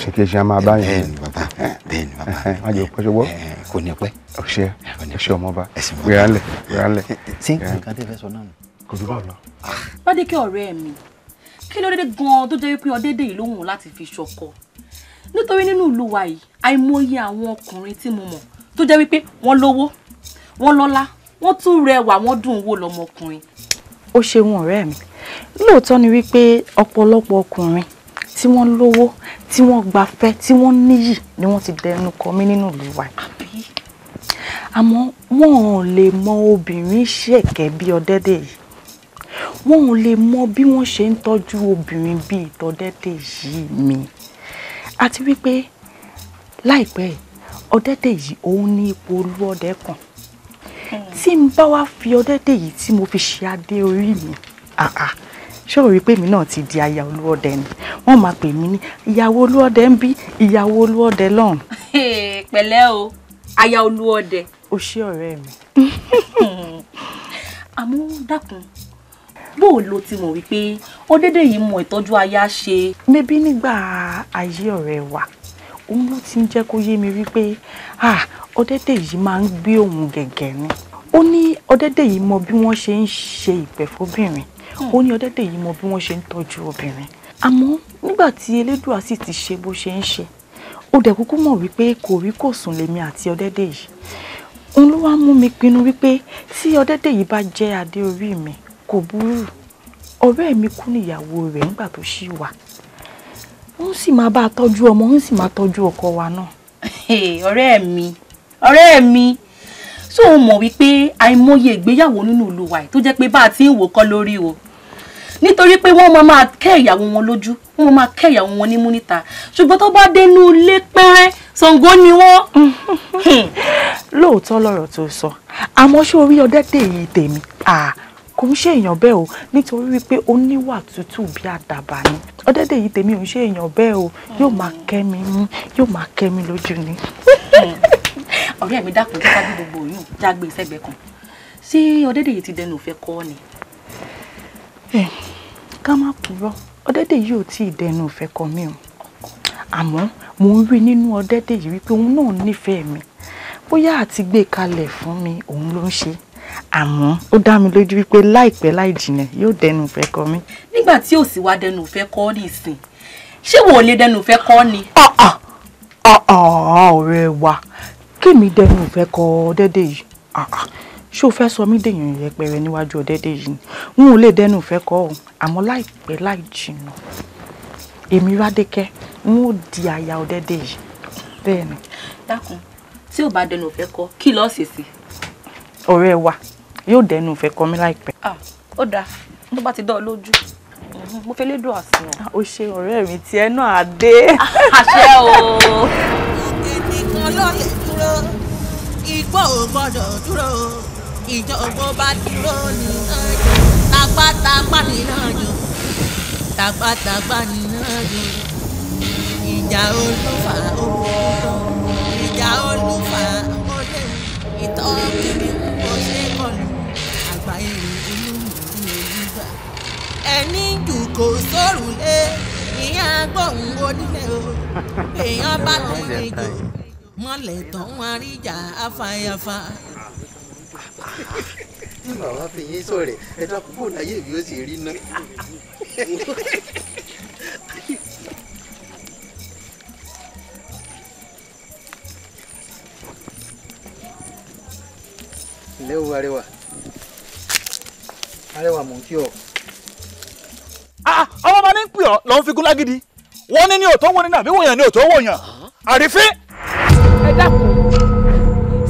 ṣe kí ẹ ṣe a máa bá yẹn. bẹ́ẹ̀ni eh, eh, bàbá eh, bẹ́ẹ̀ni bàbá má jẹ́ pẹ́ ṣọwọ́ kò ní pẹ́. ọṣẹ ọṣẹ ọmọba wíra ńlẹ wíra ńlẹ. ṣé nǹkan tẹ́ fẹ́ sọ náà nù. kò tó bá lọ. Ah. Bádékẹ́ ọ̀rẹ́ mi kí ló dé gan-an tó jẹ́ wípé ọdẹ́dẹ́ yìí lóhùn láti fi ṣọkọ nítorí nínú ìlú wa yìí àìmọye àwọn ọkùnrin tí mo mọ̀ tó jẹ́ wípé wọ́n lówó wọ́n lọ́lá wọ́n tún rẹwà wọ́n dùn wò lọ́mọkùnrin. ó ṣeun ọ̀rẹ́ mi lóòótọ́ ni wípé ọ̀pọ̀lọpọ̀ ọkùnrin tí wọ́n lówó tí wọ́n gbafẹ́ tí wọ́n níyì ni wọ́n ti dẹnu kọ mí nínú ìlú wa àmọ́ wọ́n ò lè mọ obìnrin ṣèkẹ́ bí ọdẹ́dẹ́ yìí wọn ò lè mọ bí wọ́n ṣe ń tọ́jú obìnrin bíi ìtọ́dẹ́dẹ́ yìí mi àti wípé láìpẹ́ ọdẹ́dẹ́ yìí òun ní ipò olú ọdẹ kan tí n bá wá fi ọdẹ́dẹ́ yìí tí mo fi ṣe adé orí mi ṣé o rí pé mi náà ti di aya olúọdẹ ni wọ́n máa pè mí ní ìyàwó olúọdẹ ń bí ìyàwó olúọdẹ lọ́hùn. pẹ̀lẹ́ o aya olúọdẹ. o ṣé ọ̀rẹ́ mi. àmọ́ dákun bó o lo ti mọ̀ wípé ọdẹ́dẹ́ yìí mọ ìtọ́jú aya ṣe. mebí nígbà ayé ọ̀rẹ́ wa òun ló ti ń jẹ́ kó yé mi wípé ah, ọ̀dẹ́dẹ̀ yìí máa ń gbé òun gẹ̀gẹ̀ ni ó ní ọ̀dẹ́dẹ̀ yìí mọ bí wọ́n ṣe ń ṣe ìpẹ̀ fóbìnrin hmm. ó ní ọ̀dẹ́dẹ̀ yìí mọ bí wọ́n ṣe ń tọ́jú obìnrin àmọ́ nígbà tí elédùà sì ti ṣe bó ṣe ń ṣe ó dẹ̀ kúkú mọ̀ wípé kò rí kò sùn lèmi àti ọ̀dẹ́dẹ̀ yìí òun ló wá mú mi pinnu wípé tí ọ̀dẹ́dẹ̀ yìí bá jẹ́ adé orí mi kò burú ọ̀rẹ́ mi kú níyàwó rẹ̀ nígbà tó ṣì wà òun sì máa bá a tọ́jú ọmọ òun sì máa tọ́jú ọkọ wa náà. ọ̀rẹ́ mi ọ̀rẹ́ mi ṣó o mọ̀ wípé àìmọye ìgbéyàwó nínú ìlú wa tó jẹ́ pé bá a ti ń wò kọ́ lórí o nítorí pé wọ́n máa máa kẹ́ ìyàwó wọn lójú wọ́n máa kẹ́ ìyàwó wọn nímú níta ṣùgbọ́n tó bá dénú ilé pẹ́rẹ́ Ṣàngó ni wọ́n. Hmm. lóòótọ́ lọ̀rọ̀ tó sọ àmọ́ ṣé orí ọdẹ tèyí tèmi kò ń ṣe èèyàn bẹ́ẹ̀ o nítorí wípé ó níwà tútù bí àdàbà ni ọdẹ́dẹ̀ yìí tèmi ò ń ṣe èèyàn bẹ́ẹ̀ o yóò máa kẹ́ mi yóò máa kẹ́ mi lójú ni. Hmm ọ̀rẹ́ mi dákun jẹ́ kájú gbogbo yìí jágbe sẹ́gbẹ̀ẹ́ kan ṣé ọ̀dẹ́dẹ̀yìí ti dẹnu òfẹ́ kọ́ ni. ẹ ká má purọ́ ọ̀dẹ́dẹ̀yìí ò tí ì dẹnu òfẹ́ kọ mí o àmọ́ mo ń rí nínú ọ̀dẹ́dẹ̀yìí wípé òun náà nífẹ̀ẹ́ mi bóyá àti gbé kalẹ̀ fún mi òun ló ń ṣe àmọ́ ó dá mi lójú wípé láìpẹ́ láì jìnà yóò dẹnu òfẹ́ kọ mí. nígbà tí ò sì wá dẹnu òfẹ́ kọ́ ní ìsìn ṣé wò ó lè dẹnu òfẹ́ kọ́ ni. ọ̀ọ́ ah, ọ̀ọ́ ah, ah, ọ̀rẹ́ wa kémi dẹnu fẹ́ kọ ọdẹdẹ yìí ah, ah. ṣé o fẹ́ sọ mí dèèyàn yẹpẹrẹ níwájú ọdẹdẹ yìí ni n ò lè dẹnu fẹ́ kọ ọ àmọ́ láìpẹ́ láì jìnnà èmi Rádékẹ́ n ó di aya ọdẹdẹ yìí bẹ́ẹ̀ ni. dákun tí ò bá dẹnu fẹ́ kọ kí lọ́ọ́ ṣèṣì. ọ̀rẹ́ wa yóò dẹnu fẹ́ kọ mí láìpẹ́. Ah, ó dáa tó bá ti dán ọ lójú mo fẹ́ lédò àsìn o. o ṣe ọ̀rẹ́ mi tiẹ̀ náà dé. àṣẹ o dúró igbó ò gbọ́dọ̀ dúró ìjọ bá dúró nìyànjú tapátapá nìyànjú tapátapá nìyànjú ìjà olúfà olùkọ́ ìjà olúfà olè ìtọ́ kiri kò ṣe àgbà èrè inú mi olùgbà ẹni jù kò sórùlé ìyá gbọ̀ngàn onílé o èèyàn bá tẹ̀lé jù mọ̀lẹ̀ tán wọn rí ìjà afáyàfá. tí màmá fi yín sọ̀rẹ̀ ẹ dákun bò láyé mi ó sì rí ná. ǹlẹ́ o arẹwà arẹwà mò ń kí ọ. ọmọ ọba ní ń pè ọ lọ́n fi gúnlágídí wọ́n ní ní òtó wọ́n ní nàbí wòyàn ní òtó wòyàn àrífín ẹ dákun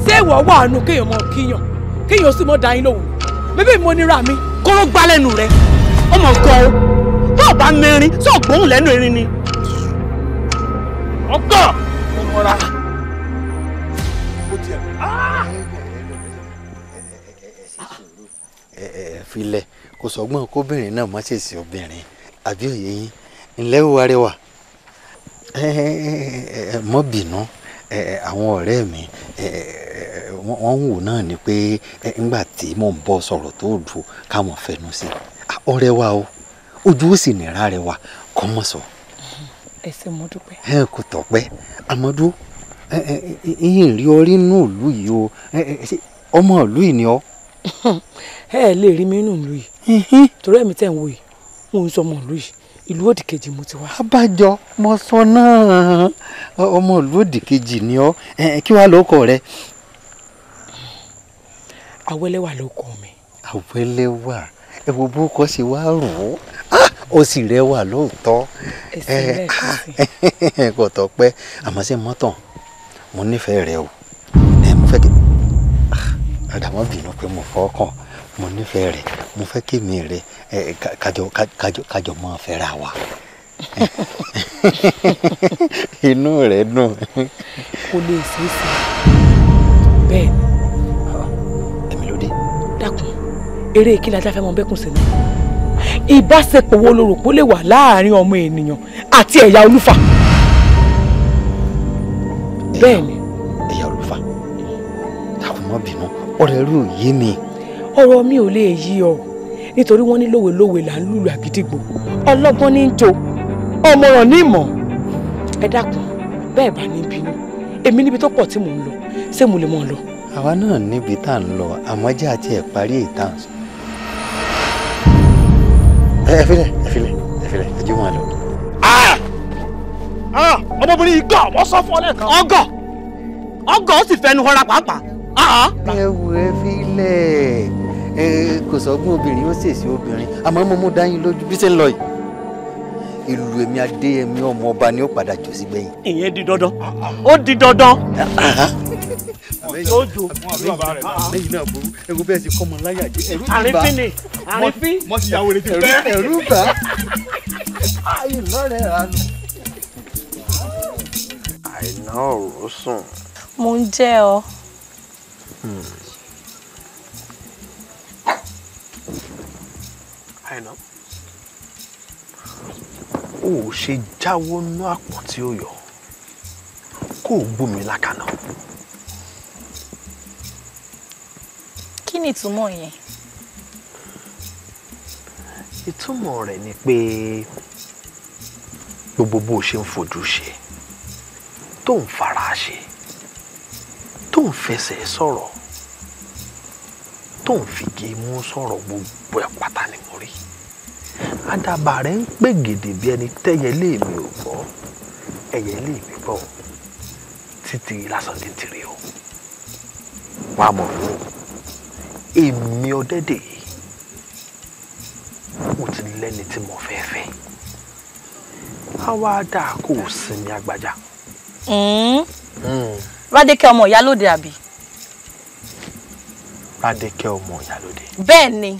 ṣé ìwọ wà àánú kéèyàn mọ kíyàn kéèyàn sì mọ da yín lòun bébí mo nira mi. kóró gbá lẹ́nu rẹ̀ ọmọ nǹkan o tó o bá mẹ́rin tó o gbóhùn lẹ́nu erin ni. ọgọ́ mo mọra. ẹ ẹ filẹ kò sọgbọn kóbìnrin náà má ṣèṣì obìnrin àbí òye yín ńlẹ́ arẹwà ẹ ẹ mọ́ bínú àwọn ọ̀rẹ́ mi wọ́n ń wò náà ni pé ńgbà tí mò ń bọ́ sọ̀rọ̀ tó dùn káwọn fẹnu sí ọ̀rẹ́ wa o ojú ó sì nira rẹ wa kọ́ mọ̀ sọ. ẹ ṣé mo dúpẹ́. ẹ kò tọ́pẹ́ amadu ìyìn rí orí inú ìlú yìí o ọmọ ìlú yìí ni ọ. ẹ lè rí mi nínú ìlú yìí torí ẹ̀mí tẹ̀ ń wò yìí mo ń sọ ọmọ ìlú yìí ìlú òdìkejì mo ti wá. abájọ mo sọ náà ọmọ ìlú òdìkejì ni ọ kí wàá lóko rẹ. awẹ́lẹ́wà lóko mi. awẹ́lẹ́wà ẹ wo bó kọ́ ṣe wá rò ó ó sì rẹwà lóòótọ́ kò tọ́ pẹ́ àmọ́ ṣe mọ́tàn mo nífẹ̀ẹ́ rẹ o mo fẹ́ kí àdàmọ́ ah, bínú pé mo fọ́ kàn mo nífẹ̀ẹ́ rẹ̀ mo fẹ́ kémi rẹ̀ kájọ kájọ kájọ máa fẹ́ra wa inú rẹ̀ dùn. kò lè ṣe é sí bẹ́ẹ̀ ni. Ah. ẹ̀mí ló dé. dákun eré kí la dáfẹ́ mọ bẹ́kùn sí ni ìbáṣepọ̀ wo lo rò pé ó lè wà láàárín ọmọ ènìyàn àti ẹ̀yà olúfà. bẹ́ẹ̀ ni. ẹ̀yà olúfà táwọn ọmọ bínú ọ̀rẹ́ rú yé mi ọ̀rọ̀ mi ò lè yí ọ nítorí wọ́n ní lòwèlòwè là ń lùlù àgídìgbò ọlọ́gbọ́n ní ń jo ọmọràn ní ìmọ̀ ẹ dákun bẹ́ẹ̀ bá ní bínú èmi níbi tó pọ̀ tí mò ń lọ ṣé mo lè mọ̀ lọ. àwa náà níbi tá à ń lọ àmọ́ jẹ́ àti ẹ̀ parí ìtàn. ẹ ẹ filẹ ẹ filẹ ẹ filẹ ẹ jẹ́ wọn lọ. ọmọbìnrin yìí gọ̀ wọ́n sọ fún ọ lẹ́ẹ̀kan. ọgọ̀ ọgọ̀ ó sì fẹnu họra pàápàá. ẹ wù ẹ filẹ̀ kò sọ́gbọ́n obìnrin ó ṣèṣe obìnrin àmọ́ mo mú dáyín lójú bí ṣe ń lọ yìí ìlú èmi adéyẹmí ọmọ ọba ni ó padà jò sí gbẹ̀yìn. ìyẹn di dandan ó di dandan. lójú lẹ́yìn náà burú ẹ̀rù bẹ́ẹ̀ sì kọ́mọ láyà jẹ́ ẹ̀rù bá àrífín ni àrífín. mo ti yàwó retí pẹ́. ẹ̀rù bá ayé lọ́rẹ̀ àìná ọ̀rọ̀ sùn. mo ń jẹ́ ọ. Hmm. àìná o ò ṣe jáwọ́ nú àpò tí ó yọ kó o gbómi lákàná. kí ni ìtumọ̀ yẹn. ìtumọ̀ rẹ̀ ni pé gbogbo bó o ṣe ń fojú ṣe tó ń fara ṣe tó ń fẹsẹ̀ sọ̀rọ̀ tó ń fi kí mú sọ̀rọ̀ gbogbo ẹ̀ pátá ni mo rí àdàbà rẹ̀ ń pè gèdè bí ẹni tẹ́yẹ léèmí ò gbọ́ ẹ̀yẹ léèmí gbọ́ títí lásán ti ń o wàá mọ̀ ọ́ èmi ọ̀dẹ́dẹ̀ yìí mo ti lẹ́ni tí mo fẹ́ fẹ́ àwa dáa kó o sinmi agbájá. Rádékẹ́ hmm. hmm. ọmọ ìyá lóde àbí. Rádékẹ́ ọmọ ìyálóde. bẹ́ẹ̀ ni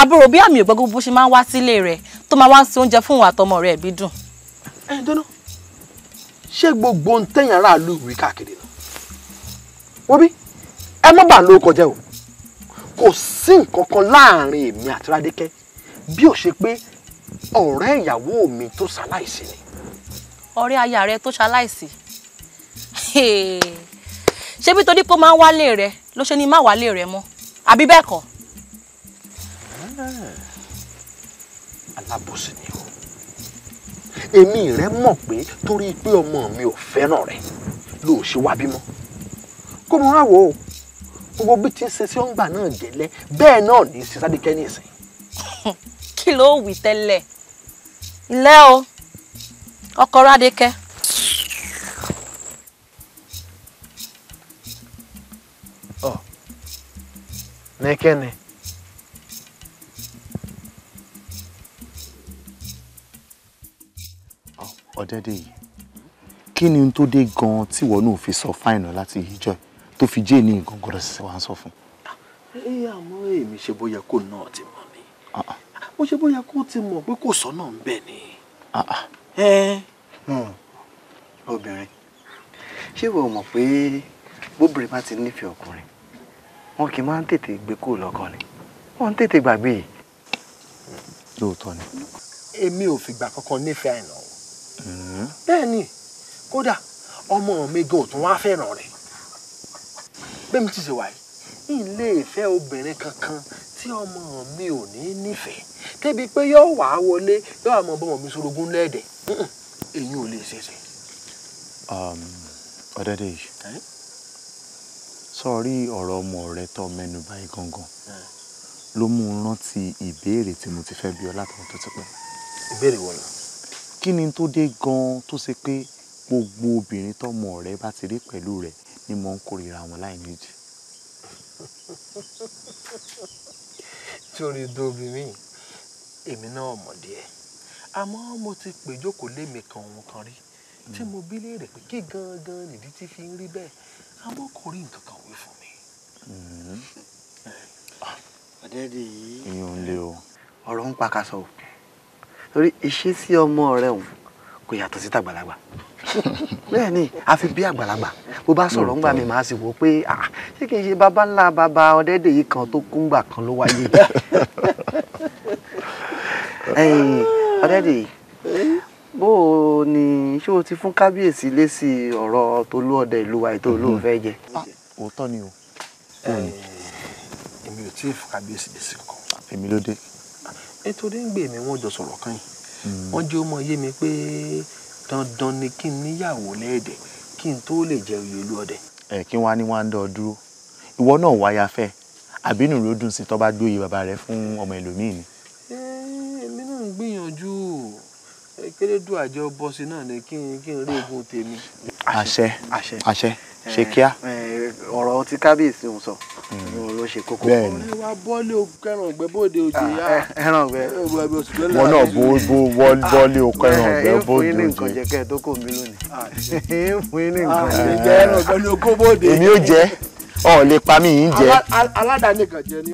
àbúrò bí àmì ògbọ́n gbogbo ṣe máa ń wá sílé rẹ̀ tó máa wá ń se oúnjẹ fún òun àtọmọ rẹ̀ bí dùn. ẹ dọ́nà ṣé gbogbo ohun tẹ̀yìn aráàlú rí káàkiri nù wọ́n bí ẹ má bàa ló kọjá o kò sí nǹkan kan láàrin èmi àti Rádékẹ́ bí ò ṣe pé ọ̀rẹ́ ìyàwó mi tó ṣaláìsí ni. ọ̀rẹ́ aya rẹ tó ṣaláìsí ṣé bí torí pé ó máa ń wálé rẹ ló ṣe ni má wálé rẹ mọ́ àbí bẹ́ẹ̀ kọ́. Eh, alábòsí ni o èmi rẹ mọ̀ pé torí pé ọmọ mi ò fẹ́ràn rẹ ló ṣe wá bímọ kó mo wá wò ó gbogbo bí ti ń ṣe sí ọ̀ǹgbà náà jẹ́lẹ́ bẹ́ẹ̀ náà ní í kẹ́nìsì. kí ló wí tẹ́lẹ̀ ilé o ọkọ̀ rádé kẹ́. na ekene ọ̀dẹ́dẹ́ yìí kí ni tó dé gan-an tí ìwọ náà fi sọ fáìnà láti ìjọ tó fi jẹ́ ní nǹkan gbọ́dọ̀ sí wa ń sọ fún. ẹ àmọ́ èmi ṣe bóyá kó náà ti mọ̀ ni mo ṣe bóyá kó ti mọ̀ pé kò sọ́nà ń bẹ̀ ni. Hmm. obìnrin ṣé ìwọ mọ̀ pé bóbìnrin bá ti nífẹ̀ẹ́ ọkùnrin wọn kì í máa ń tètè gbé kúrò lọ́kàn ni wọ́n ń tètè gbàgbé yìí lóòótọ́ ni. èmi ò fìgbà kankan nífẹ̀ẹ́ àìnà o mm-hmm. bẹ́ẹ̀ ni kódà ọmọ mi gan òtún wá fẹ́ràn rẹ̀ bẹ́ẹ̀ mi ti ṣe wáyé ilé ìfẹ́ obìnrin kankan tí ọmọ mi ò ní nífẹ̀ẹ́ débi pé yóò wá wọlé yóò àmọ́ bọ́mọ mi sorogún lẹ́ẹ̀dẹ̀ èyí ò lè ṣeéṣe. Um, ọ̀dẹ́dẹ́ yìí sọ̀rí ọ̀rọ̀ ọmọ rẹ tó mẹ́nu báyìí gangan ló mú un rántí ìbéèrè tí mo ti fẹ́ bi ọ látàwọn tó ti pẹ́. ìbéèrè wo la. kí ni tó dé gan-an tó ṣe pé gbogbo obìnrin tọmọ rẹ bá ti rí pẹ̀lú rẹ ni mo ń kórìíra wọn láì méjì. torí dobi mi èmi náà mọ̀ díẹ̀ àmọ́ mo ti pè jókòó lémi kan òun kan rí tí hmm. mo bí léèrè pé kí gangan nìdí tí fi ń rí bẹ́ẹ̀ àmọ́ kò rí nǹkan kan wí fún mi. Mm-hmm. ọ̀dẹ́dẹ̀ yìí. ìyẹn ò lè o. ọ̀rọ̀ ń pa kaṣọ o torí ìṣesí ọmọ rẹ òun kò yàtọ̀ sí tàgbàlagbà bẹ́ẹ̀ ni àfi bí àgbàlagbà bó bá sọ̀rọ̀ ńgbà mi máa mm-hmm. sì wò pé ṣé kì ṣe bàbá ńlá bàbá ọ̀dẹ́dẹ̀ yìí kan tó kún gbà kan ló wáyé ọ̀dẹ́dẹ̀ bó o ní ṣé o ti fún kábíyèsí lésì ọ̀rọ̀ tolú ọdẹ ìlú wa ètò olóò mm-hmm. fẹ́ jẹ. Ah, òótọ́ ni o. Eh, èmi ò tí ì fún kábíyèsí lésì kan. èmi ló dé. nítorí ah, ń gbèmí wọn jọ sọ̀rọ̀ kan yìí mm-hmm. wọ́n jẹ́ ọmọ yé mi pé dandan ni kí n níyàwó lẹ́ẹ̀dẹ̀ kí n tó lè jẹ oyè olú ọdẹ. ẹ kí wọn á ní wọn á ń dán ọ dúró ìwọ náà wáyà fẹ àbínú ló dùn sí tó bá gbóyè bàbá rẹ fún ọmọ ẹlòmíín ni. ẹ eh, èmi náà ń gbìyànjú kérédù àjọ bọ́sì náà ni kí n kí n rí ogun tèmi. àṣẹ àṣẹ àṣẹ ṣe eh, kíá. Eh, ọ̀rọ̀ tí kábíyèsí ń sọ hmm. ló ṣe kókó. bẹ́ẹ̀ ni wá bọ́ọ̀lì ah, eh, ẹran ọ̀gbẹ́ bóde òjò yá. ẹran ọ̀gbẹ́ wọn náà bó bó bọ́ọ̀lì ọkọ ẹran ọ̀gbẹ́ bóde òjò. ìfún yín ní nǹkan jẹ kẹ́ ẹ tó kò mí ah, yín ní nǹkan ah, jẹ ẹran ọ̀gbẹ́ ni okó bóde. èmi ò jẹ́ ọ̀ lè pa mí yín jẹ́. aládàáni kan jẹ ni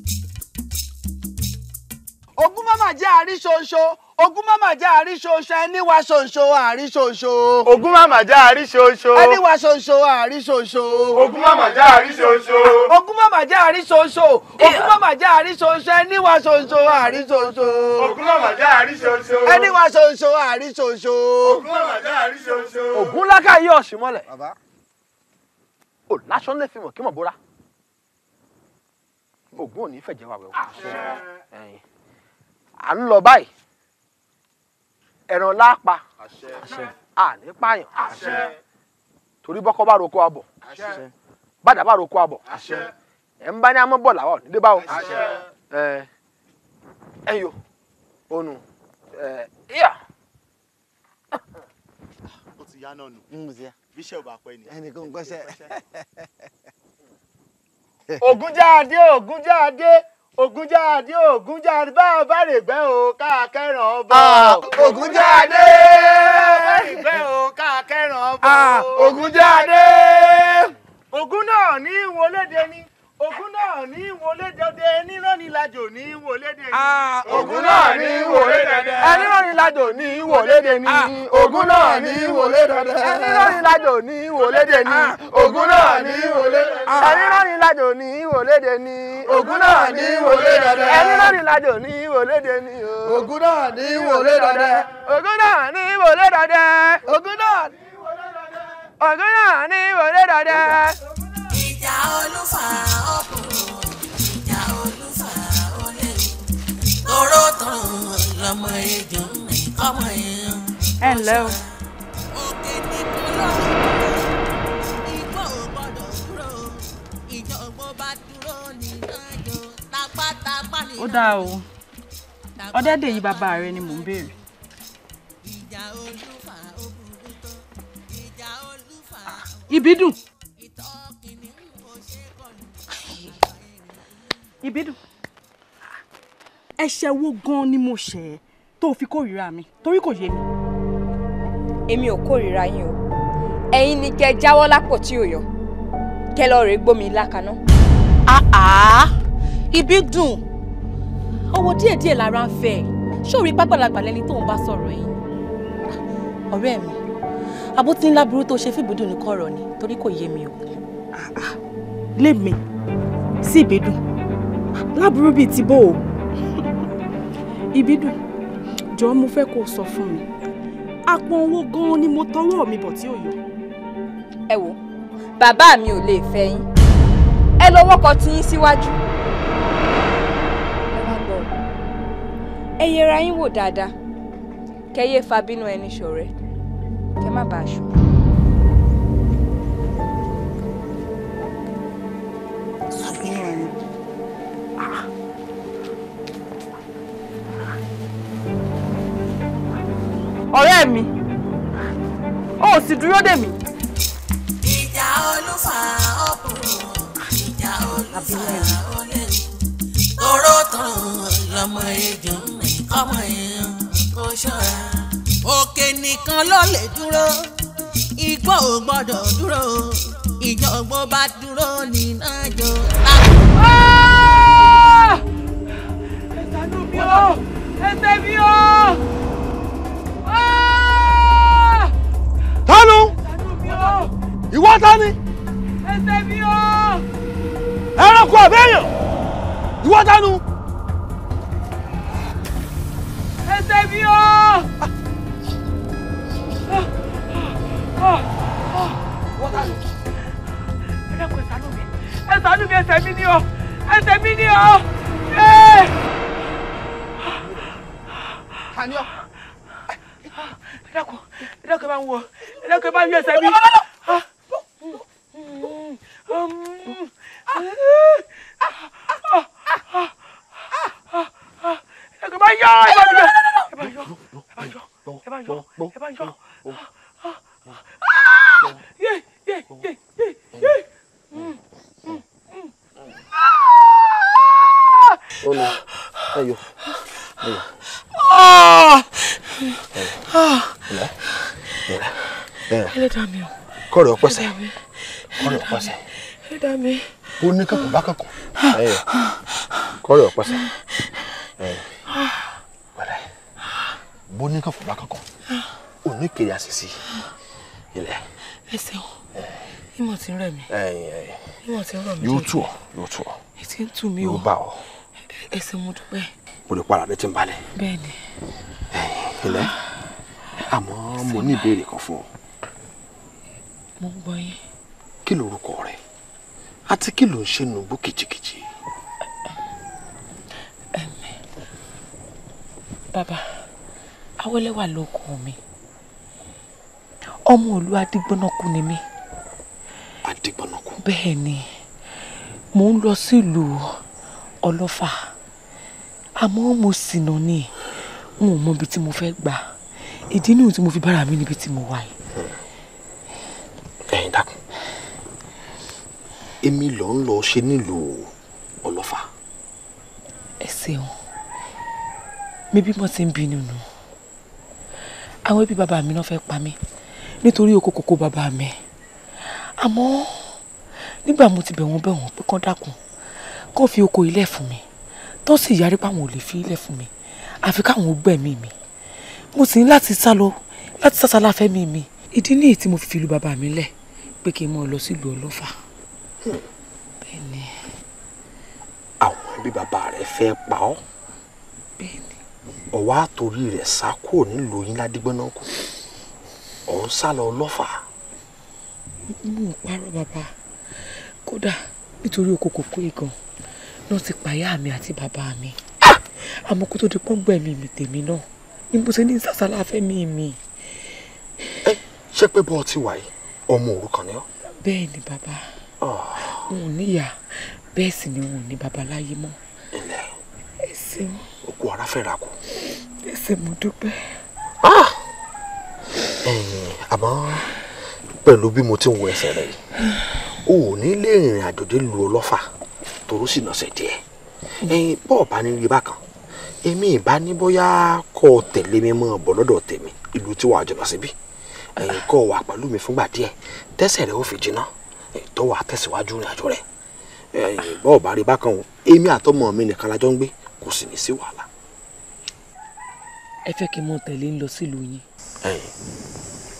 ogún mama jẹ́ àríṣoṣo ogún mama jẹ́ àríṣoṣo ẹni wa ṣoṣo àríṣoṣo. ogún mama jẹ́ àríṣoṣo. ẹni wa ṣoṣo àríṣoṣo. ogún mama jẹ́ àríṣoṣo. ogún mama jẹ́ àríṣoṣo. ogún mama jẹ́ àríṣoṣo ẹni wa ṣoṣo àríṣoṣo. ogún mama jẹ́ àríṣoṣo. ẹni wa ṣoṣo àríṣoṣo. ogún mama jẹ́ àríṣoṣo. ògún lákà yí ọ̀sìn mọ́lẹ̀. bàbá. ò lásán lè fi mọ̀ kí mọ̀ bóra. ògún ò ní fẹ̀jẹ̀ wà wẹ̀ wọ́n. à ń lọ báyìí ẹran láàpa àní pààyàn torí bọ́kọ́ bá roko abọ̀ bàdà bá roko abọ̀ ẹ̀ ń bá ní làwọ̀ nílé báwo ẹ yo onu yíyà. o ti yá náà ògúnjáde ògúnjáde bá a bá rè gbẹ́ o ká kẹ́ràn bọ̀. ògúnjáde bá rè gbẹ́ o ká kẹ́ràn bọ̀. ògúnjáde. ògún náà ní ìwọlédè ni ògún náà ní ìwọlédèdè nílọ́nìlàjò ní ìwọlédè ni. ògún náà ní ìwọlédèdè. ẹnilọ́nìlàjò ní ìwọlédè ni. ògún náà ní ìwọlédèdè. ẹnilọ́nìlàjò ní ìwọlédè ni. ògún náà ní ìwọlédèdè lájò ní ìwòlédè ni. ògùn náà ní ìwòlé dẹ̀dẹ̀. ẹni lórí lájò ní ìwòlédè ni. ògùn náà ní ìwòlé dẹ̀dẹ̀. ògùn náà ní ìwòlé dẹ̀dẹ̀. ògùn náà ní ìwòlé dẹ̀dẹ̀. ògùn náà ní ìwòlé dẹ̀dẹ̀. ìjà olúfà ọkùnrin ìjà olúfà olè tóró tán lọmọ ẹjọ nìkọmọ yẹn. ẹ ǹlẹ́ o. òkè ní kúlọ̀. ó dáa o ọ̀dẹ́dẹ̀yí bàbá rẹ ni mò ń béèrè. ìbídùn ìbídùn ẹ̀ṣẹ̀ wo gan ni mo ṣẹ̀ ẹ́ tó fi kórìíra mi torí kò yé mi. èmi ò kórìíra yín o ẹ̀yin ni kẹ́ jáwọ́ lápò tí ò yọ kẹ́ lọ rèé gbómi lákaná. Ah, ah. ibi dùn ọwọ́ díẹ̀díẹ̀ lára ń fẹ́ ẹ̀ ṣòrí pápálàgbà lẹni tó ń bá sọ̀rọ̀ yìí ọ̀rẹ́ mi àbótí ńlá burú tó ṣe fìbùdù nìkan ọ̀rọ̀ ni torí kò yé mi o. lémi sí ìbídùn láburú bíi ti bó o ìbídùn jọ̀ọ́ mo fẹ́ kó o sọ fún mi àpò owó gan-an ni mo tọwọ́ mi bọ̀ tí ò yọ. ẹ wo bàbá mi ò lè fẹ́ yín ẹ lọ wọ́kọ̀ tí yín síwájú. Si ẹ yẹra yín wò dáadáa kẹ́ yé fa bínú ẹni ṣọ̀rẹ́ kẹ́ má bàa ṣù. ọ̀rẹ́ mi ó sì dúró dè mí. ìjà olúfà ọkùnrin ìjà olúfà olè ọ̀rọ̀ tán lọmọ ẹjọ́ mẹ ọmọ èèyàn kò ṣọ́ra. òkè nìkan ló lè dúró igbó ò gbọ́dọ̀ dúró ìjọ̀gbọ́n bá dúró nínú àjò. gbà ọ́. ẹ ṣé mo dúpẹ́. mo lè para rẹ tí ń balẹ̀. bẹ́ẹ̀ni. ẹ̀yin àmọ́ mo ní ìbéèrè kan fún ọ. mo ń gbọ́ yín. kí lorúkọ rẹ àti kí ló ń ṣe nùbú kìjìkìjì. bàbá awolẹ́wà lóko mi ọmọ òlu adigbọ́nàkú ni mí. adigbọ́nàkú. bẹ́ẹ̀ ni ń lọ sílùú. Si ọlọ́fà àmọ́ mo ṣìnà ni n ò mọ ibi tí mo fẹ́ gbà ìdí nìyí tí mo fi bára mi níbi tí mo wà yìí. ẹ̀yin dákun èmi lọ ń lọ ṣe nílùú ọlọ́fà. ẹ ṣeun mi bí mo ti ń bínú nù àwọn ẹbí bàbá mi náà fẹ́ pa mí nítorí oko kòkó bàbá mi àmọ́ nígbà mo ti bẹ̀ wọ́n bẹ̀ wọ́n pé kán dákun kó fi oko ilẹ̀ fún mi tó sì yarí páwọn ò lè fi ilẹ̀ fún mi àfi káwọn ò gbẹ̀mí mi mo sì ní láti sá lọ láti sásá láfẹ́ mi mi ìdí nìyí tí mo fi fi lu bàbá mi lẹ̀ pé kí n mọ̀ lọ sílùú ọlọ́fà. àwọn ẹbí bàbá rẹ fẹ́ pa ọ́. ọ̀wá àtòrí rẹ̀ sá kúrò nílùú yín ládígbọ́nà kù ọ̀ ń sá lọ ọlọ́fà. mo ń parọ́ bàbá kódà nítorí okòkò pé gan náà ti pàyà mi àti bàbá mi àmọ́ kó tó di pọ́ngbọ́n ẹ̀mí mi tèmi náà ni mo ṣe ní sàṣàlà fẹ́mi mi. ẹ ṣé pé bọ́ ọ ti wà yìí ọmọ òrukàn ni ọ. bẹ́ẹ̀ ni bàbá ah. n ò níyà bẹ́ẹ̀ sì ni n ò ní bàbá láyé mọ́. ilẹ̀ ẹ ṣeun. òkú ara fẹ́ ra kù. ẹ ṣé mo dúpẹ́. Ah! àmọ́ pẹ̀lú bí mo ti ń wo ẹsẹ̀ rẹ̀ yìí o ò ní lè rìnrìn àjò dé lu ọlọ́fà tòró sì nà ṣẹ̀ díẹ̀ ẹyin bọ́ọ̀ bá ní rí bákan èmi ìbá ní bóyá kọ́ ọ tẹ̀lé mi mọ́ ọ bọ̀ lọ́dọ̀ tèmi ìlú tí wàá jọ̀nà síbí ẹyin kọ́ ọ wà pẹ̀lú mi fúngbà díẹ̀ tẹ́sẹ̀ rẹ ó fi jiná tó wàá tẹ̀síwájú ìrìn àjò rẹ ẹyin bọ́ọ̀ bá rí bákan o èmi àtọmọ mi nìkan lájọ ń gbé kò sì ní sí wàhálà. ẹ fẹ́ kí n mọ tẹ̀lé ń lọ sílùú yín.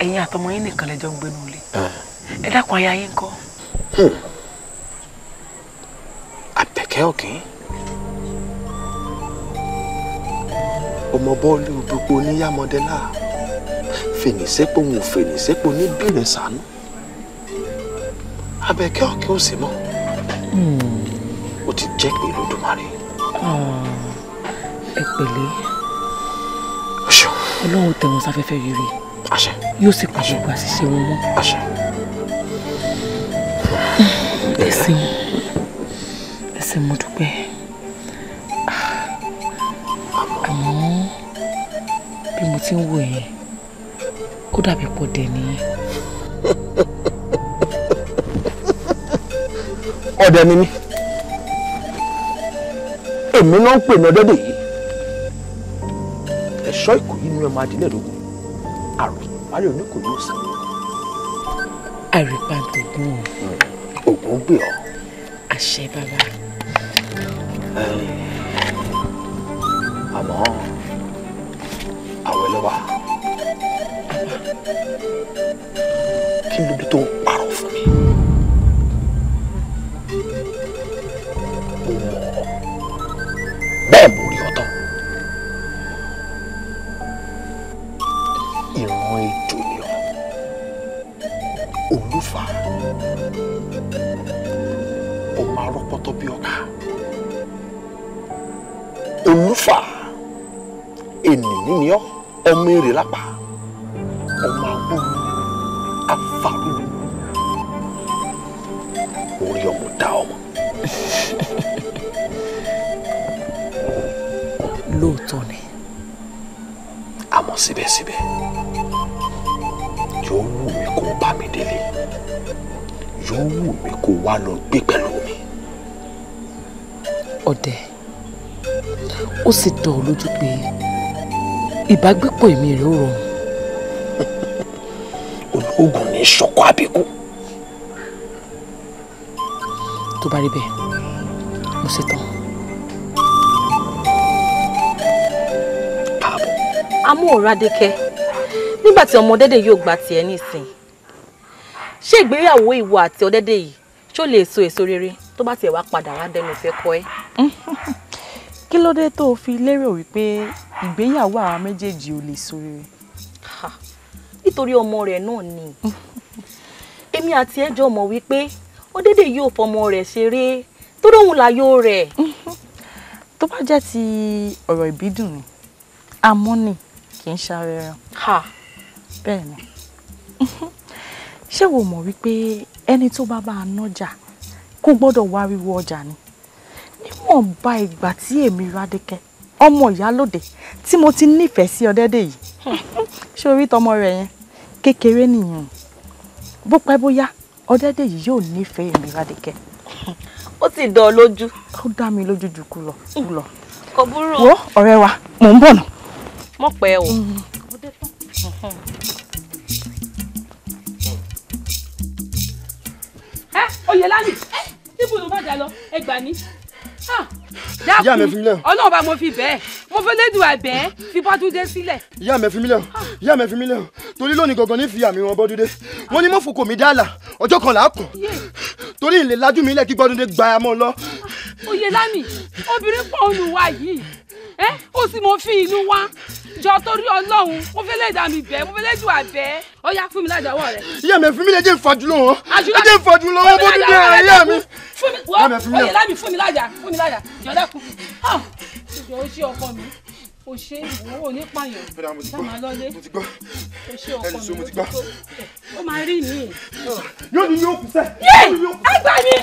ẹyin àtọmọ yín nìkan lẹjọ ń gbénu ilé ẹ dákun aya yín ńkọ́. Hmm. Òkè ọmọ bọ́ọ̀lù gbogbo oníyàmọ̀dẹ́là fèníṣẹ́pọ̀ òun fèníṣẹ́pọ̀ níbìrẹ̀ sànú abẹ́kẹ́ Òkè ò sí mọ́ hmm. ó ti jẹ́ pé lódùmarè. Ah, ẹ pẹ̀lẹ́ ọlọ́run tẹ̀wọ̀n sáfẹ́fẹ́ rere yóò sì pàṣẹ gbà ṣiṣẹ́ wọn mọ́. ẹ sìn sì mo dúpẹ́ àmọ́ bí mo ti ń wò yín ó dàbí pọ̀ dẹ̀ nìyí. ọ̀dẹ̀ ni mí èmi náà ń pè ní ọdẹ́dẹ̀ yìí ẹ̀ṣọ́ ìkòyí ni ọmọ adílẹ̀dógún àrùn parí oníkòyí ò sí. àrùn pàǹtí ògùn o. Hmm, gbé ọ. àṣẹ bàbá àmọ́ àwẹ̀ ló wà kí ló dé olúfa ó máa rọ́pọ́tọ́ bí ọkà. àjàní ni ọ́ ọmọ èrè lápá ọmọ àwòrán afárúlù orí ọmọ dá ọmọ. lóòótọ́ ni. àmọ́ síbẹ̀síbẹ̀ yóò wù mí kó bá mi délé yóò wù mí kó wá lọ gbé pẹ̀lú mi. ọ̀dẹ̀ ó sì dọ̀ ọ́ lójú pé ìbágbépọ̀ èmi rẹ̀ ó rọrùn. olóògùn ní sọkọ àbíkú. tó bá rí bẹ́ẹ̀ mo ṣetán. káàbọ̀. amóhùnradékẹ́ nígbà tí ọmọ ọdẹ́dẹ̀ yóò gba tiẹ̀ nísìn ṣé ìgbéyàwó ìwọ àti ọdẹ́dẹ̀ yìí ṣó lè so èso rere tó bá tiẹ̀ wá padà wá bẹ́ẹ̀ mi fẹ́ kọ́ kí ló dé tó o fi lérò wípé ìgbéyàwó àwọn méjèèjì ò lè ṣoríire. nítorí ọmọ rẹ̀ náà ni èmi àti ẹjọ́ mọ̀ wípé ó dédé yóò fọmọ rẹ̀ ṣeré tó dóhùn láyò rẹ̀. tó bá jẹ́ ti ọ̀rọ̀ ìbídùn ni àmọ́ ni kì í ṣarẹran. bẹ́ẹ̀ ni ṣé wo mọ̀ wípé ẹni tó bá bá a nájà kó gbọ́dọ̀ wá wíwo ọjà ni níwọ̀nba ìgbà tí èmi Rádékẹ́ ọmọ ìyálòdè tí mo ti nífẹ̀ẹ́ sí ọdẹ́dẹ̀ yìí ṣé orí tọmọ rẹ yẹn kékeré nìyẹn bó pẹ́ bóyá ọdẹ́dẹ̀ yìí yóò nífẹ̀ẹ́ mi Rádìkẹ́. ó ti dọ̀ ọ́ lójú. ó dá mi lójú jù kú lọ kú lọ. kò burú o. wo ọ̀rẹ́ wa mò ń bọ̀ nà. mọ̀ pẹ́ o. Mm-hmm. ẹ oyè lálẹ́ ẹ níbo ló bàjẹ́ lọ ẹ gbà ní. Ah, ìyá mi fi mílẹ̀. ọlọ́run bá mo fi bẹ́ẹ̀ mo fẹ́ lédu àbẹ́ fi bọ́dúndé sílẹ̀. ìyá mi fi mílẹ̀ ah. ìyá mi fi mílẹ̀ torí lónìí gangan ní fi àmì wọn bọ́dúndé wọn ni mo fòkò mi dáàlà ọjọ́ kan là á kọ̀ torí ìlẹ̀ lajú mi lẹ̀ kí bọ́dúndé gba ẹ̀ mọ́ lọ. Ah, oyè lámì obìnrin pọ̀ olùwà yìí ẹ eh, ó sì mo fi inú wá jọ torí ọlọ́run mo fẹ́ lẹ́dàá mi bẹ́ẹ̀ mo fẹ́ lẹ́dùn àbẹ́ ó yá fún mi ládàáwọ̀ rẹ. ìyá mi fún mi lẹ́jẹ̀ ìfọ̀jú lọ́wọ́ lẹ́jẹ̀ ìfọ̀jú lọ́wọ́ bó dúdú ara ìyá mi. fún mi wọ́n oyè lámì fún mi ládàá fún mi ládàá jọ̀dá kù jọ ah! ó ṣe ọkọ mi ó ṣe ìwọ ò ní pààyàn sáma lọ́lé ó ṣe ọkọ mi ó tó ó máa rí mi. yóò ní yóò kù sẹ́. yé ẹgbẹ́ mi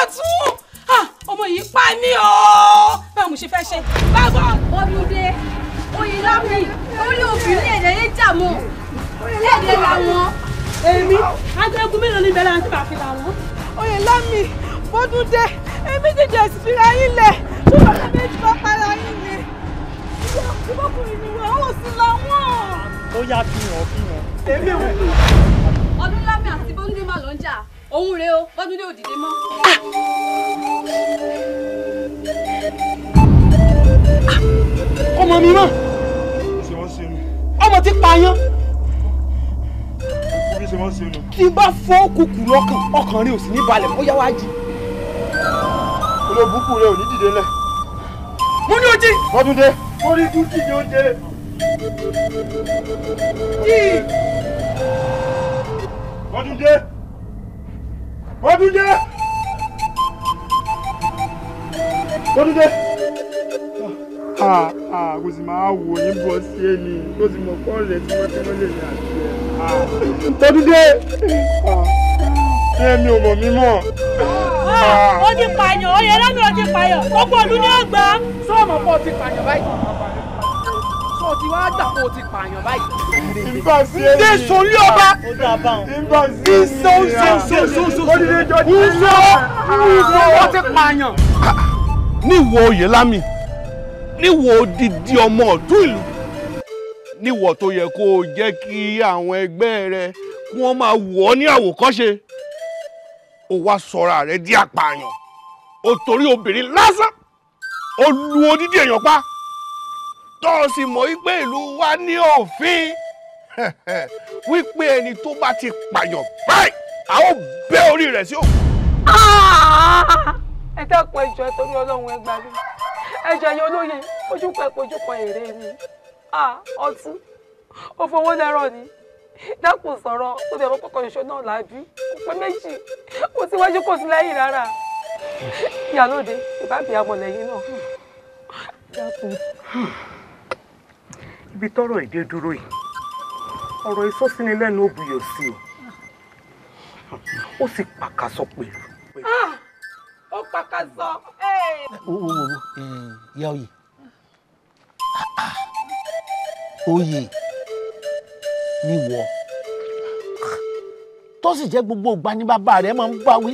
ọ̀tún ah! ọmọ yìí pa mí o báwo ṣe fẹ́ ṣe. báwo. olùdé oyinlami orí òfin èdè yẹn jà mọ́ èdè làwọn. èmi agbẹ́gun mélòó ní bẹ́lá àti bàfin làwọn. oyinlami bọ́dúndé èmi ti jẹ̀ sí tó bá lẹ́mí ti bá para yín ni. ìbọkùnrin ni wọ́n ò sí làwọn. ó yá fi hàn fi hàn. èmi ò ní. ọdún àti bọ́dúndé mà ló ń jà òun rèé o bọ́dúndé ò dìde mọ́ ọmọ mi mọ̀ ọmọ ti pààyàn tí n bá fọ́ kùkù lọ́kàn ọkàn rẹ ò sì ní balẹ̀ ó yá wá jì. olóògùn kù rẹ ò ní dìde lẹ. mo ní ojí. mọ́túndé. mo ní dúkì ní oúnjẹ. yìí. mọ́túndé. mọ́túndé. mọ́túndé kò ah, ah. ah, sì máa wò yín bọ́ sí ẹni kó sì mọ̀ kọ́ rẹ̀ tí wọ́n tẹ́lọ́ lè ní àṣẹ. tọ́dúndé èmi ò mọ̀ mí mọ̀. ó ti pààyàn ó yẹ lẹ́nu ó ti pààyàn gbogbo òlu ni ó gbà. sọ́ọ̀mù ọkọ ti pààyàn báyìí sọ ti wá gbà kó o ti pààyàn báyìí. Ṣé sori ọba? Ìṣe oṣù oṣù oṣù oṣù. Ìṣe oṣù oṣù oṣù ti pààyàn. Ní ìwọ oyè lámì níwọ̀ odidi ọmọ ọ̀tún ìlú níwọ̀ tó yẹ kó o jẹ́ kí àwọn ẹgbẹ́ rẹ kí wọ́n máa wọ̀ ọ́ ní àwòkọ́ṣe ó wá sọra rẹ di àpààyàn ó torí obìnrin lásán ó lu odidi èèyàn pa tó o sì mọ̀ wípé ìlú wa ní òfin wípé ẹni tó bá ti pààyàn báyìí a ó orí rẹ̀ sí òkú. Ah! ẹ dákun ẹjọ torí Ọlọ́run ẹgbà mi ẹjọ ẹyẹ olóye ojú kan ẹpọ ojú kan èrè mi ọtún ó fowó lẹrọ ni dákun sọ̀rọ̀ ó ti ẹ̀rọ kọ̀ọ̀kan ṣoṣo náà làbí pé méjì kò sí wájú kò sí lẹ́yìn rárá ìyálóde ìbábi amọ̀lẹ́yìn náà dákun. ibi tọ́rọ̀ èdè dúró yìí ọ̀rọ̀ ìsọsínilẹ́nu ó buyọ̀ sí o ó sì pàkàsọ pẹ̀lú. Ah! ó pàkà sọ. wo wo wo eh, ìyá oyè oyè ni wọ tó sì jẹ́ gbogbo ìgbà ni bàbá rẹ̀ máa ń bá wí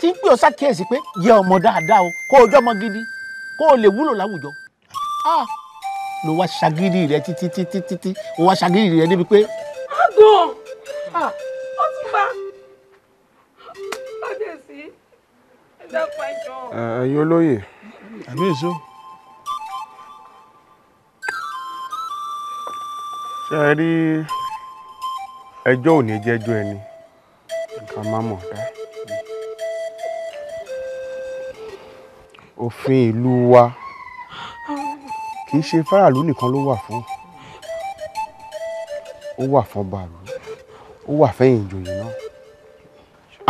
tí ń pè ọ́ ṣàkíyèsí pé yẹ ọmọ dáadáa o kó o jọ ọmọ gidi kó o lè wúlò láwùjọ ah! ló wá ṣagídí rẹ títí títí títí ó wá ṣagídí rẹ débi pé. agbọ̀n ah! ẹ̀yin olóyè. àbí èso. ṣe É rí ẹjọ́ ò ní jẹ́jọ́ ẹni ká má mọ̀ dá. òfin ìlú wa kì í ṣe fáráàlú nìkan ló wà fún ó wà fún bàálù ó wà fẹ́yìn ìjòyè náà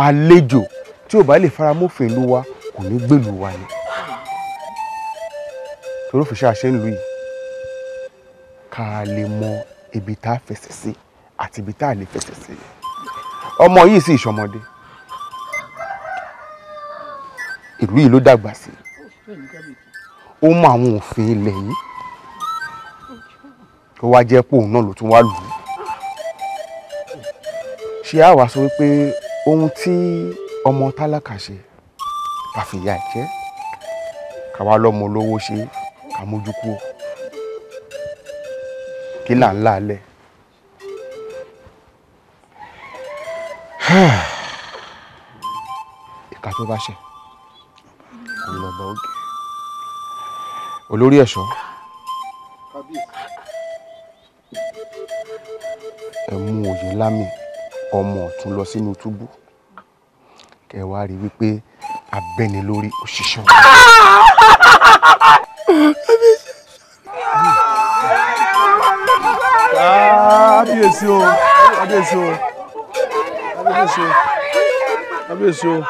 àlejò tí ò bá lè faramófin ìlú wa kò ní gbèlú wa ni torí òfin ṣáà ṣe ń lu yìí ká lè mọ ibi tá a fẹsẹ̀ sí àti ibi tá a lè fẹsẹ̀ sí ọmọ yìí sì ìṣọmọdé ìlú yìí ló dàgbà sí ó mọ àwọn òfin ilẹ̀ yìí tó wá jẹ́ pé náà ló tún wá lù ú ṣé àwa sọ wípé ohun tí ọmọ tálákà ṣe àfìyà ẹ̀jẹ́ káwa lọ́mọ olówó ṣe àmójúkú kí là ń lálẹ́. ìka tó bá ṣe kò lọ́ba oge olórí ẹ̀ṣọ́ ẹ mú oyè lámì ọmọ ọ̀tún lọ sínú túbú kẹ rí wípé abẹ́nilórí òṣìṣẹ́ òun. kábíyèsí o kábíyèsí o kábíyèsí o kábíyèsí o. ọ̀rẹ́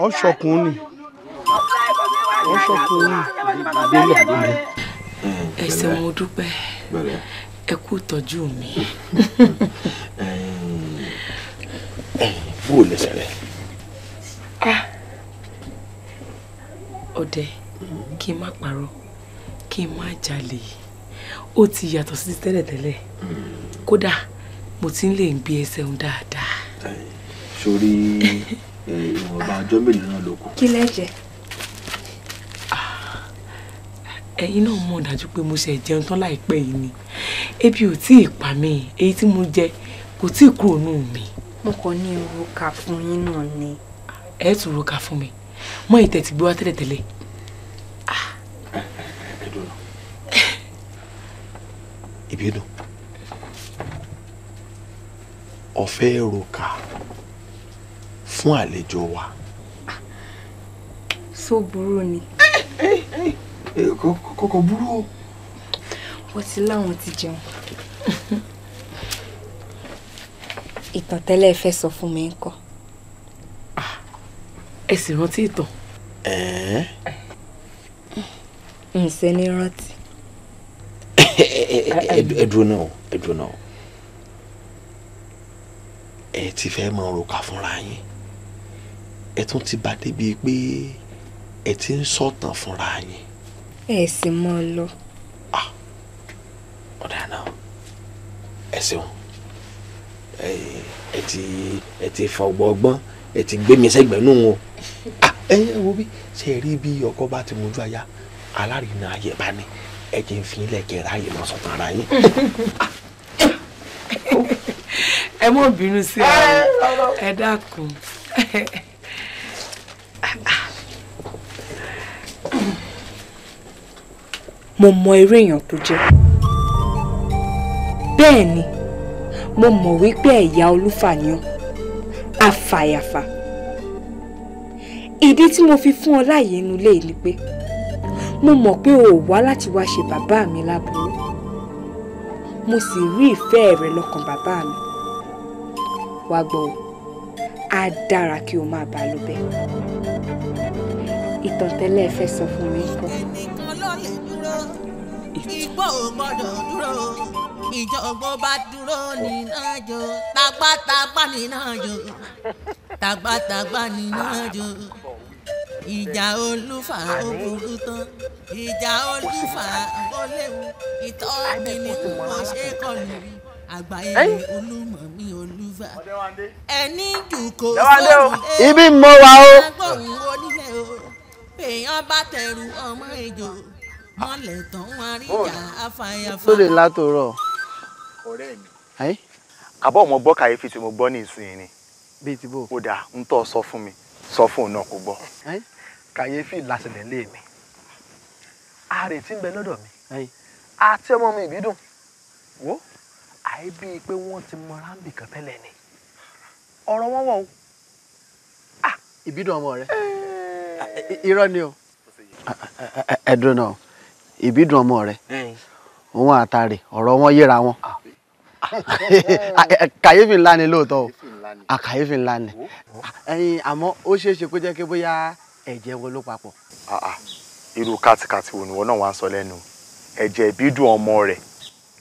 wà fún ọ̀tún ọ̀ṣọ̀kùn ni ọ̀ṣọ̀kùn ni ẹ ṣé mo dúpẹ́ ẹ kú ìtọ́jú mi. bó o lẹsẹ̀ rẹ. Ah. ọdẹ kí n má parọ́ kí n má jalè ó ti yàtọ̀ sí tẹ́lẹ̀tẹ́lẹ̀ kódà mo ti ń lè gbé ẹsẹ̀ òun dáadáa. sórí ìwọ̀nba ọjọ́ mélòó náà ló kù. kí lẹ́jẹ̀ẹ́ ẹ̀yin náà mọ̀ dájú pé mo ṣe jẹun tán láìpẹ́ yìí ni ebi ò tí ì pa mí èyí tí mo jẹ kò tí ì kúrò nù mí. mo kàn ní ìroka fún yín náà ni. ẹ tún roka fún mi mọ ìtẹ̀tì gbé wá tẹ́lẹ̀tẹ́lẹ̀. ìbí ah. dùn ọ̀fẹ́ roka fún àlejò wa. Ah. so burú ni. Eh, eh, eh. Eh, kọ̀kọ̀ burú o. wọ́n ti láwọn ti jẹun. ìtàn tẹ́lẹ̀ fẹ́ sọ fún mi ńkọ́. Ah, ẹ sì rántí ìtàn. ǹṣẹ́ ni rántí. ẹ náà ẹ dúró náà ẹ ti fẹ́ mọ òrùka fúnra yín ẹ tún ti bá débi pé ẹ ti ń sọ̀tàn fúnra yín ẹ sì mọ ọ lọ. ọ̀dà ah, náà ẹ ṣeun ẹ ti ẹ ti fa ọgbọ́n ọgbọ́n ẹ ti gbé mi sẹ́gbẹ̀ẹ́ nù o ah, ẹyin ẹ wo bí ṣe rí bí ọkọ bá ti mojú aya alárinà ayẹ bá ní ẹ jẹ́ ń fi ilẹ̀ kẹrẹ ayé lọ sọ̀tàn ara yín. ẹ mọ̀ bínú sí ẹ dákun. mo mọ eré èèyàn tó jẹ́ bẹ́ẹ̀ ni mo mọ̀ wípé ẹ̀yà olúfàníọ́ àfàyàfà ìdí tí mo fi fún ọ láàyè inú ilé ni pé mo mọ̀ pé o wá láti wá ṣe bàbá mi láburú mo sì rí ìfẹ́ rẹ lọ́kàn bàbá mi wá gbọ́ o á dára kí o máa bá a bẹ́ẹ̀ ìtàn tẹ́lẹ̀ fẹ́ sọ fún mi kọ́ arúgbó ò dúró ìjọgbó bá dúró nínú àjò tagbátagbá nínú àjò tagbátagbá nínú àjò ìjà olúfà ó tán ìjà olúfà ó ìtọ́ni ni wọ́n ṣe kọlù àgbáyé olúmọ mi olúfà ẹni jù kò sóhun lé ibi mo o èèyàn bá tẹrù ọmọ ìjò mọ̀lẹ̀ tán wọn rí oh, ìyá afáyàfá. sóde látòrọ. ọ̀rẹ́ mi. àbọ̀ ọmọ gbọ́ kàyéfì tí mo gbọ́ ní ìsinyìí ni. bíi ti bò. ó dáa ń tọ́ sọ fún mi sọ fún òun náà kó gbọ́. kàyéfì làṣẹlẹ̀ lé mi. ààrẹ tí ń bẹ lọ́dọ̀ mi. àti ọmọ mi ìbídùn. wo àyè bíi pé wọ́n ti mọ rámbì kan tẹ́lẹ̀ ni. ọ̀rọ̀ wọn wọ̀ o. Ah, ìbídùn ọmọ rẹ irọ́ ni o. ẹ̀dùn náà ìbídùn ọmọ rẹ òun àtàrè ọ̀rọ̀ wọn yíra wọn ah. kàyéfì ńlá ni lóòótọ́ o àkàyéfì ńlá ni ah, ẹyin àmọ́ ó ṣeé ṣe kó jẹ́ pé bóyá ẹ̀jẹ̀ wo ló papọ̀. Ah, irú kàtìkàtì wo ni wọn náà wá ń sọ lẹ́nu ẹ̀jẹ̀ ìbídùn ọmọ rẹ̀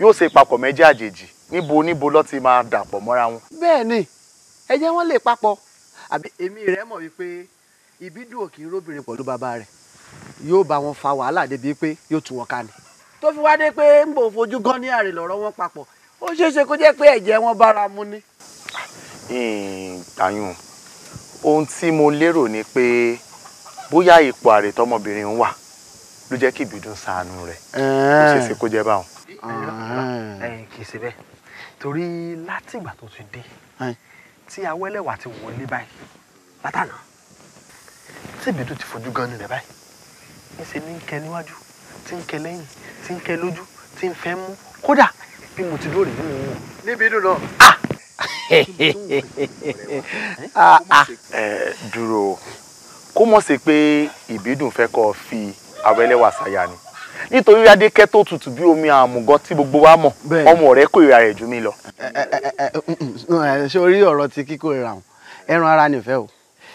yóò ṣe papọ̀ méjì àjèjì níbo níbo ló ti máa dàpọ̀ mọ́ra wọn. bẹ́ẹ̀ ni ẹ̀jẹ̀ wọn lè papọ̀ àbí èmi rẹ̀ mọ̀ wípé ìbídùn òkì ń róbìnrin pẹ̀lú bàbá rẹ̀ yóò bá wọn fa wàhálà débi pé yóò tú wọn ká ni. tó fi wá dé pé ń bò fojú gan ní àrè lọ́rọ́ wọn papọ̀ ó ṣeé ṣe kó jẹ́ pé ẹ̀jẹ̀ wọn bára mu ni. Hmm, Dayun ohun tí mo lérò ni pé bóyá ipò àrè tọmọbìnrin ń wà ló jẹ́ kí ìbídùn ṣàánú rẹ̀ ó ṣeé ṣe kó jẹ́ báwọn. kì í ṣe bẹ́ẹ̀ torí látìgbà tó ti dé tí awẹ́lẹ́wà ti wọlé báyìí látànà tí ìbídùn ti fojú gan ni báyìí níṣẹ́ ní ń kẹ níwájú tí ń kẹ lẹ́yìn tí ń kẹ lójú tí ń fẹ́ mú kódà bí mo ti dóòrè nínú wọn. níbi inú lọ. Ah! Eh, dúró kó mọ̀ sí pé ìbídùn fẹ́ kọ́ fi àwẹ́lẹ́wà ṣàyà ni nítorí adékẹ́ tó tutù bí omi àmùgọ́ tí gbogbo wa mọ̀ ọmọ rẹ̀ kórìíra rẹ̀ jù mí lọ. Eh, eh, mm, mm, mm, ṣé orí ọ̀rọ̀ ti kíkórìíra ẹran ara nìfẹ́ o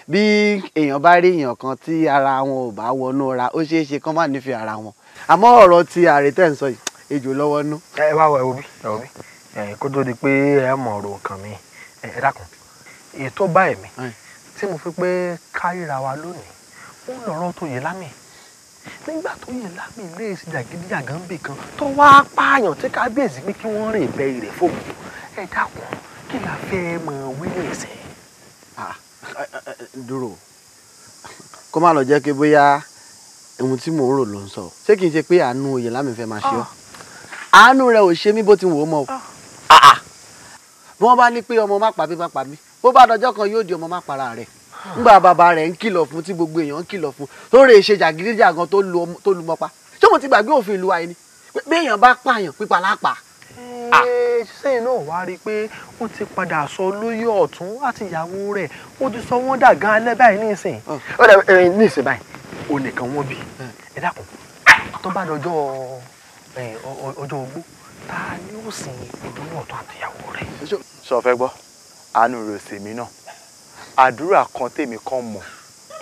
bí èèyàn bá rí èèyàn kan tí ara wọn ò bá wọnú ra ó ṣeé ṣe kán má nífẹ̀ẹ́ ara wọn àmọ́ ọ̀rọ̀ ti ààrẹ tẹ̀ ń sọ yìí ejò lọ́wọ́ nú. ẹ wá wọ ẹ wo bí ẹ wo bí kó tó di pé ẹ mọ̀ ọ̀rọ̀ nǹkan mi ẹ dákun èyí tó bá ẹ̀mí tí mo fi pé káríra wa lónìí ó lọ́rọ́ tó yẹ lámì nígbà tó yẹ lámì ilé ìsìn jàgídíjàgan bì kan tó wá pààyàn tí kábíyèsí pé kí wọ́n rìn bẹ ìrẹ̀ fóun ẹ dákun kí la fẹ́ mọ̀ wílé ìsìn dúró kó má lọ jẹ́ pé bóyá ohun tí mò ń rò ló ń sọ ṣé kì í ṣe pé àánú oyè lámì fẹ́ máa ṣe ọ́ ah. àánú rẹ ò ṣe mí bó ti wò ó mọ́ o ah. Ah, bí wọ́n bá ní pé ọmọ má pàbí má pàbí bó bá dọjọ́ kan yóò di ọmọ má para rẹ̀ ńgbà bàbá rẹ̀ ń kìlọ̀ fún tí gbogbo èèyàn ń kìlọ̀ fún tó rè ṣe jàgídíjàgan tó lu mọ́pa ṣé mo ti gbàgbé òfin ìlú wa yìí ni pé èèyàn bá pààyàn pípa lápàá sẹ́yìn ah. náà wá rí i pé wọ́n ti padà sọ lóyè ọ̀tún àti ìyàwó rẹ̀ ó ti sọ wọ́n dà gan alẹ́ báyìí nísìn ah. ó dà nísìn báyìí ó nìkan wọ́n bí ah. ẹ dákun tó bá dọjọ́ ọjọ́ ogbó ta ni ó sin ìdúró ọ̀tún àti ìyàwó rẹ̀. sọ fẹ́ gbọ́ àánú rẹ̀ sì mí náà àdúrà kan tèmi kan mọ̀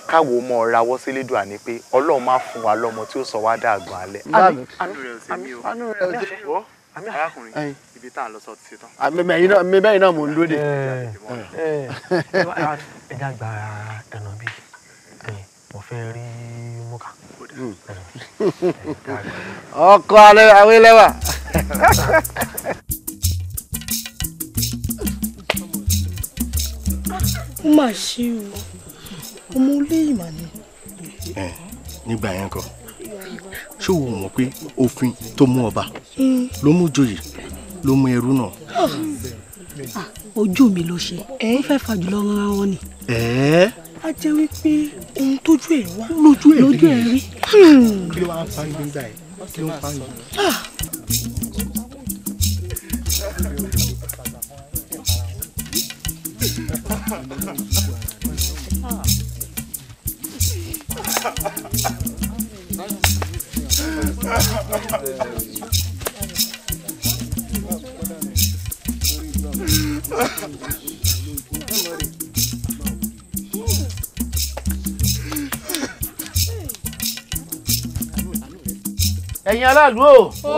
káwo mọ rawọ́ sílédùá ni pé Ọlọ́run máa fún wa lọ́mọ tí ó sọ wá dàgbà alẹ́. àánú rẹ̀ ò sí mi o. àánú rẹ̀ ò sí mi o arákùnrin ibi tá à ń lọ sọ ti ṣetán. mi bẹ́ẹ̀ náà mò ń dúró de. ẹ já gba ẹnu bí mo fẹ́ rí múkà. ọkọ alẹ́ awélẹ́wà. ó mà ṣe o ọmọ olóyìn mà ni. nígbà yẹn kọ́ ṣé o mọ̀ pé òfin tó mú ọba ló mú joyè ló mú ẹrú náà. Ah, ojú mi ló ṣe ó fẹ́ fàjùlọ ran wọn ni. a jẹ́ wípé ohun tójú ẹ̀ wá lójú ẹ̀ rí. kí ló wá fa ibi ń gbà ẹ́ kí ló ń fa ibi. Ha ha ha ẹ̀yin aráàlú o.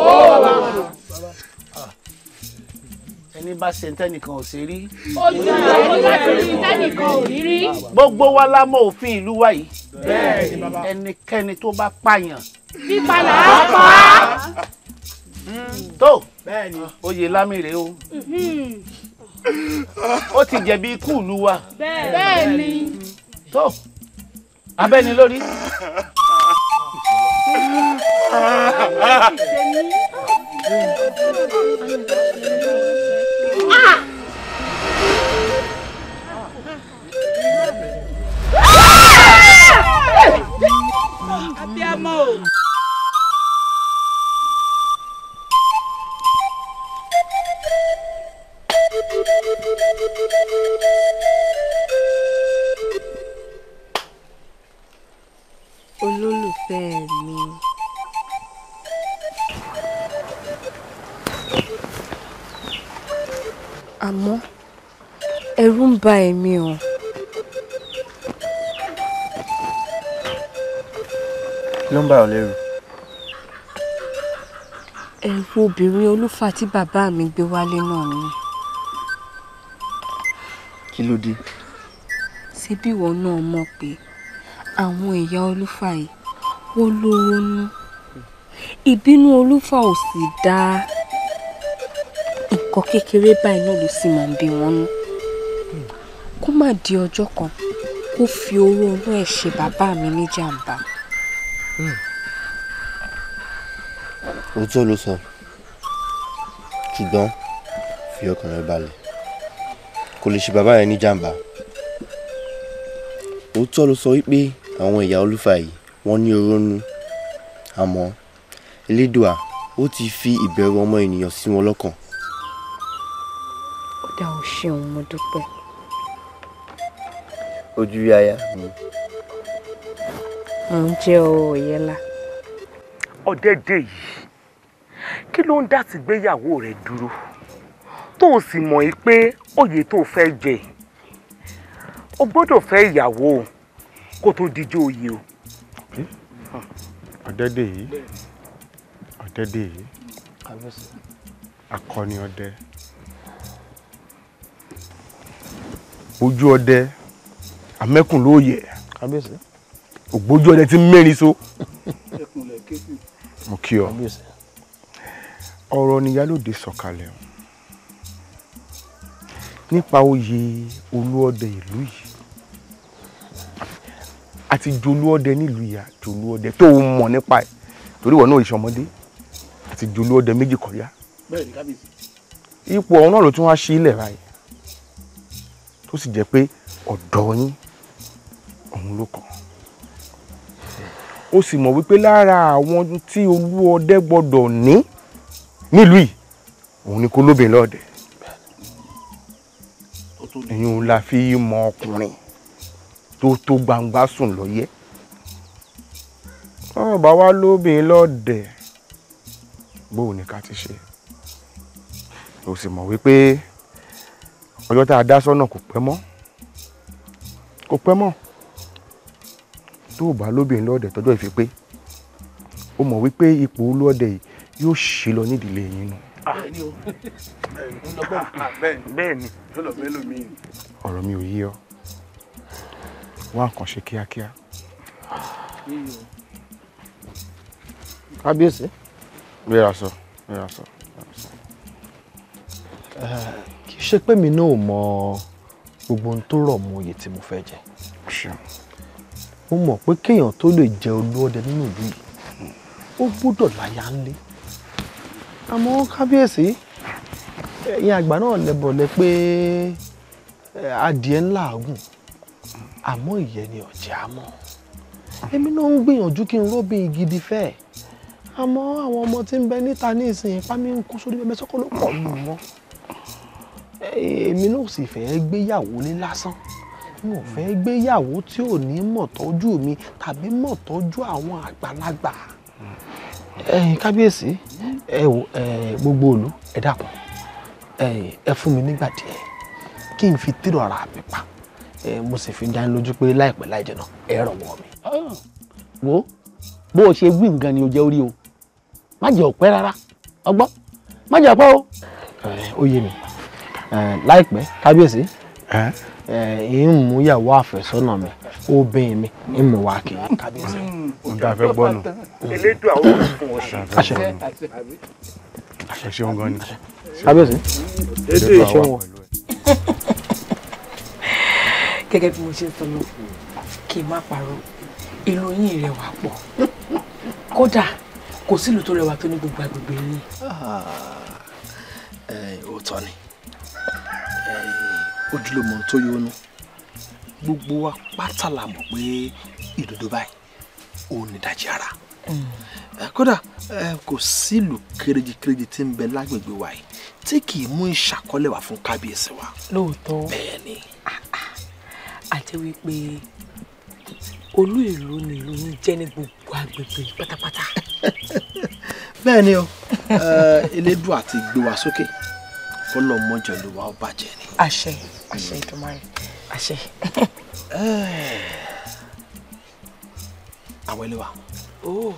ẹni bá ṣe tẹ́nìkan ò ṣe rí. ojú ẹni bá ṣe tẹ́nìkan ò rí rí. gbogbo wa la mọ òfin ìlú wa yìí. ẹnikẹ́ni tó bá pààyàn pípa là á pa. tó bẹ́ẹ̀ni oyè lámìrè o ó ti jẹ̀bi ikú ìlú wa. bẹ́ẹ̀ni. tó abẹ́ni lórí. Ah! àmọ́ ẹ̀rù ń bà èmi o. kí ló ń bà ọ́ lẹ́rù. ẹ̀rù obìnrin olúfà tí bàbá mi gbé wálé náà ni. kí ló dé. ṣebí ìwọ náà mọ̀ pé àwọn ìyá olúfà yìí wọ́n ló ìbínú olúfà ò sì dáa nǹkan kékeré báyìí náà ló sì máa ń bí wọn nú kó má di ọjọ́ kan kó fi owó inú ẹ̀ ṣe bàbá mi ní jàǹbá. òótọ́ ló sọ ṣùgbọ́n fi ọkàn rẹ balẹ̀ kò lè ṣe bàbá rẹ ní jàǹbá òótọ́ ló sọ wípé àwọn ìyá olúfa yìí wọ́n ní oró nú àmọ́ elédùà ó ti fi ìbẹ̀rù ọmọ ènìyàn sí wọn lọ́kàn ṣeun mo dúpẹ́. ojú yáyá mi. mo ń jẹ́ o òyẹ́lá. ọ̀dẹ́dẹ́ yìí kí ló ń dá tìgbéyàwó rẹ̀ dúró tó o sì mọ̀ yìí pé òye tó o fẹ́ jẹ o gbọ́dọ̀ fẹ́ ìyàwó kó tó dijó oyè o. ọ̀dẹ́dẹ́ yìí ọ̀dẹ́dẹ́ yìí akọni ọdẹ. ojú ọdẹ amẹ́kùn ló yẹ ògbójú ọdẹ ti mẹ́rin so mo kí ọ ọ̀rọ̀ níyálòde sọ̀kalẹ̀ nípa oyè olú ọdẹ ìlú yìí àti jolú ọdẹ nílùú yìí àjolú ọdẹ tó o mọ̀ nípa ẹ̀ torí wọn náà ìṣọmọdé àti jolú ọdẹ méjì kọjá ipò ọ̀hún náà ló tún wá sí ilẹ̀ báyìí tó sì jẹ́ pé ọ̀dọ̀ yín òun ló kàn ó sì mọ̀ wípé lára àwọn tí olú ọdẹ gbọ́dọ̀ ní nílùú yìí òun ni kó lóbìn lọ́ọ̀dẹ̀ ìyẹn òun la fi mọ ọkùnrin tó tó gbangba sùn lọ́yẹ́ ọba wa lóbìn lọ́ọ̀dẹ̀ bóun ni ká ti ṣe ó sì mọ̀ wípé ọjọ́ tá a dá sọ́nà kò pẹ́ mọ́ kò pẹ́ mọ́ tó o bá lóbìnrin lọ́ọ̀dẹ̀ tọ́jọ́ ìfi pé o mọ̀ wípé ipò olóòdẹ̀ yìí yóò ṣe lọ nídìílé yín nu. bẹ́ẹ̀ni ọ̀rọ̀ mi ò yé ọ wá nǹkan ṣe kíákíá. kábíyèsí. rírà sọ rírà sọ ṣe pé mi náà mọ gbogbo ohun tó rọ̀ mọ́ oyè tí mo fẹ́ jẹ mo mọ̀ pé kéèyàn tó lè jẹ olúọdẹ nínú ìlú yìí ó gbọ́dọ̀ láyà ńlẹ̀ àmọ́ kábíyèsí ẹ̀yin àgbà náà lẹ́bọ̀lẹ́ pé adìẹ ńlá àgùn àmọ́ ìyẹn ni ọ̀jẹ̀ àmọ́ èmi náà ń gbìyànjú kí n róbì gidi fẹ́ àmọ́ àwọn ọmọ tí ń bẹ níta ní ìsìn ipá mi ń kó sórí bẹ́ẹ̀ sọ́kọ́ ló pọ̀ lù wọ́n èmi náà sì fẹ́ gbéyàwó ní lásán mi ò fẹ́ gbéyàwó tí ò ní mọ̀ tọ́jú mi tàbí mọ̀ tọ́jú àwọn àgbàlagbà ẹ̀yin kábíyèsí ẹ wò ẹ gbogbo òlu ẹ dàpọ̀ ẹ fún mi nígbà díẹ̀ kí n fi tìrọ̀ ara mi pa mo sì fi dání lójú pé láìpẹ́ láì jẹ̀nà ẹ rọ̀wọ́ mi. wo bó o ṣe wí nǹkan ni o jẹ́ orí o má jẹ́ ọ̀pẹ́ rárá ọgbọ́n má jẹ́ ọ̀pẹ́ o. ó yé mi láìpẹ́ kábíyèsí ń mú ìyàwó àfẹ́sọ́nà mi obìnrin mi ń mú wa kì í kábíyèsí. ó dáa fẹ́ gbọ́nù. elédùn àwọn òkun ọ̀sẹ̀. àṣẹ àṣẹ ṣeun gan ni. kábíyèsí ètò ìṣe wọn. gẹ́gẹ́ bí mo ṣe sọ lọ kí n má parọ́ ìròyìn rẹ̀ wà pọ̀ kódà kò sílùú tó rẹwà tó ní gbogbo agbègbè yìí. Ah, ẹ ò tọ́ ni. ojúlówó tó yọ ọ́nú gbogbo wa pátá la mọ̀ pé ìdodo báyìí ó ní ìdajì ara mm. kódà kò sílùú kéréjì kéréjì tí ń bẹ lágbègbè wa yìí tí kì í mú ìṣàkọlẹ̀ wá fún kábíyèsí wa. lóòótọ́ bẹ́ẹ̀ ni. àti wípé olú ìlú ni ìlú yín jẹ́ ní gbogbo agbègbè pátápátá. bẹ́ẹ̀ ni o elédùn àti gbé wa sókè. Okay kọlọ mọjọ ló wà ó bàjẹ́ ni. àṣẹ àṣẹ ìdùnmọ̀rẹ́ àṣẹ. Eh. àwọn ilé wa oh.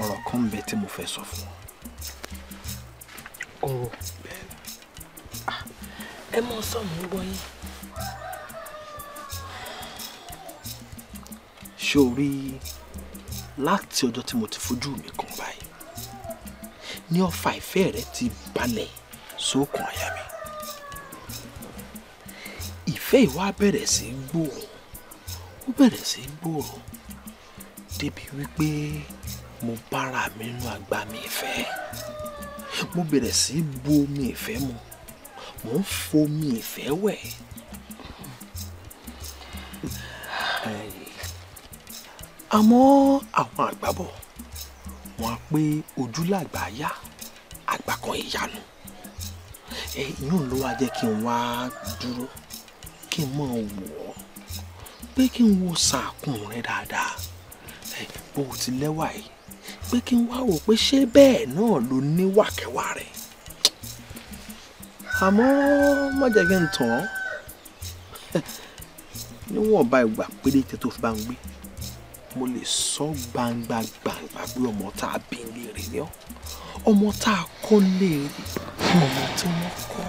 ọ̀rọ̀ kan ń bẹ tí mo fẹ́ sọ fún ọ. ọ̀rọ̀ oh. ah, ẹ mọ sọ mò ń gbọ́ yín. ṣé o rí láti ọjọ́ tí mo ti fojú mi kàn báyìí Ni ọ̀fà ìfẹ́ rẹ ti balẹ̀ sókun àyà mi ìfẹ́ ìwà bẹ̀rẹ̀ sí í gbòòrò ó bẹ̀rẹ̀ sí í gbòòrò débi wípé mo bára mi nínú agba mi ìfẹ́ mo bẹ̀rẹ̀ sí í bu omi ìfẹ́ mu mo ń fomi ìfẹ́ wẹ̀ àmọ́ àwọn àgbà bọ̀ wọn pé ojúlàgbà yá àgbà kan ìyanu ẹ inú ló wá jẹ́ kí n wá dúró kí n mọ̀ wò ọ́ pé kí n wo sàkún rẹ dáadáa ẹ bó o ti lẹ́wà yìí pé kí n wá wò pé ṣé bẹ́ẹ̀ náà ló ní wàkẹ́wà rẹ̀ àmọ́ má jẹ́ kí n tàn án níwọ̀nba ìgbà péréte tó fi bá ń gbé mo lè sọ gbangba gbangba pé ọmọ tá a bí léèrè ni ọ ọmọ tá a kọ́ léèrè ọmọ tí wọ́n kọ́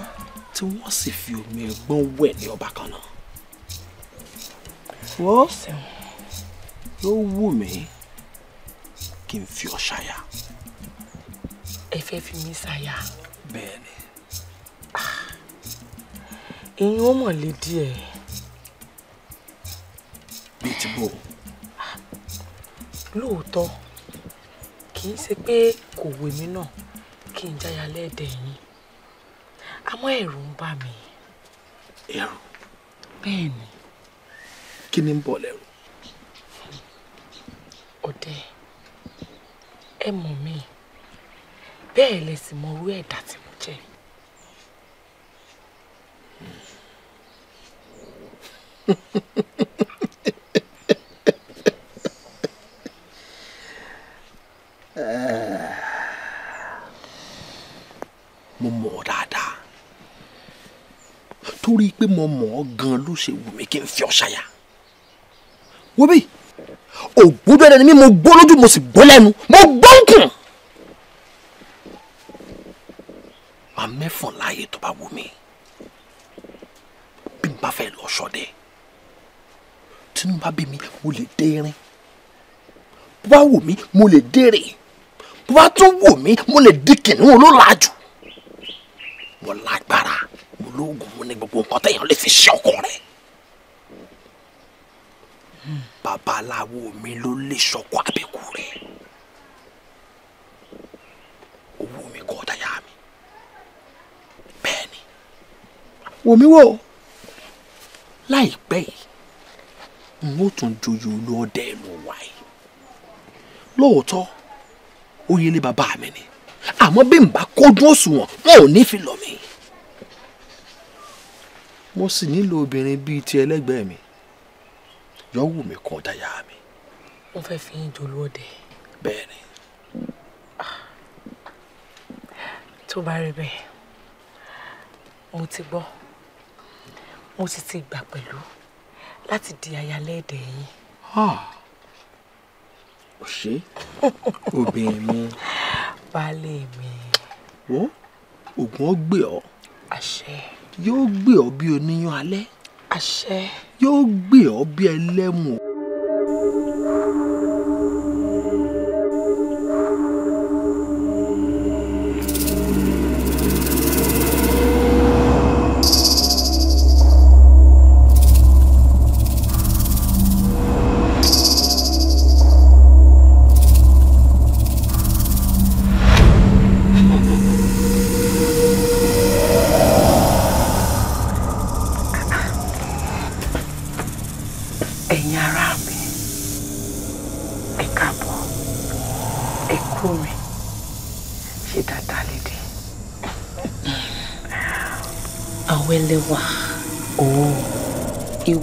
tí wọ́n sì fi omi ẹ̀gbọ́n wẹ̀ ní ọba kan náà. wo ló wù mí kí n fi ọ ṣaya. ẹ fẹ́ fi mí ṣaya. bẹ́ẹ̀ ni. Ah, ó mọ̀ lé díẹ̀. bíi ti bò lóòótọ́ kì í ṣe pé kò wé mi náà kí n jáya lẹ́ẹ̀dẹ̀ yín àmọ́ ẹ̀rù ń bà mí. ẹ̀rù. bẹ́ẹ̀ ni. kí ni ń bọ̀ lẹ́rù. ọ̀dẹ ẹ mọ̀ mí bẹ́ẹ̀ lẹ sì mọ orú ẹ̀dá tí mo jẹ́. Ha ha ha. mo mọ̀ ọ́ dáadáa torí pé mo mọ̀ ọ́ gan ló ṣe wù mí kí n fi ọ́ ṣàyà wo bí ògbódò ẹni mi mo gbó lójú mo sì gbó lẹ́nu mo gbó ń kùn máa mẹ́fọ̀n láàyè tó bá wù mí bí n bá fẹ́ lọ ṣọdẹ tinubu bá bí mi mo lè dé irin bá wù mí mo lè dé rè tó bá tún wò mí mo lè di kìnìún olólàájú mo lágbára mo lóògùn mo ní gbogbo nǹkan téèyàn lè fi ṣe ọkọ rẹ babaláwo mi ló lè ṣọkọ àbíkú rẹ owó mi kọ táyà mi bẹ́ẹ̀ ni wò mí wò láìpẹ́ yìí n ó tún joyè olóòdẹ ìlú wa yìí lóòótọ́ oyè lé bàbá mi ni àmọ́ bí n bá kójú òṣùwọ̀n wọn ò ní fi lọ mi. mo sì nílò obìnrin bíi ti ẹlẹ́gbẹ́ mi yóò wù mí kan dáyà mi. wọ́n fẹ́ fi yín dolú ọdẹ. bẹ́ẹ̀ ni. tó bá rí bẹ́ẹ̀ mo ti gbọ́ mo sì ti gbà pẹ̀lú láti di ayálẹ́ẹ̀dẹ̀ yín. Ah kò ṣe obìnrin mi. baálé mi. wo oògùn ó gbé ọ. àṣẹ. yóò gbé ọ bí oníyàn alẹ́. àṣẹ. yóò gbé ọ bí ẹlẹ́mu.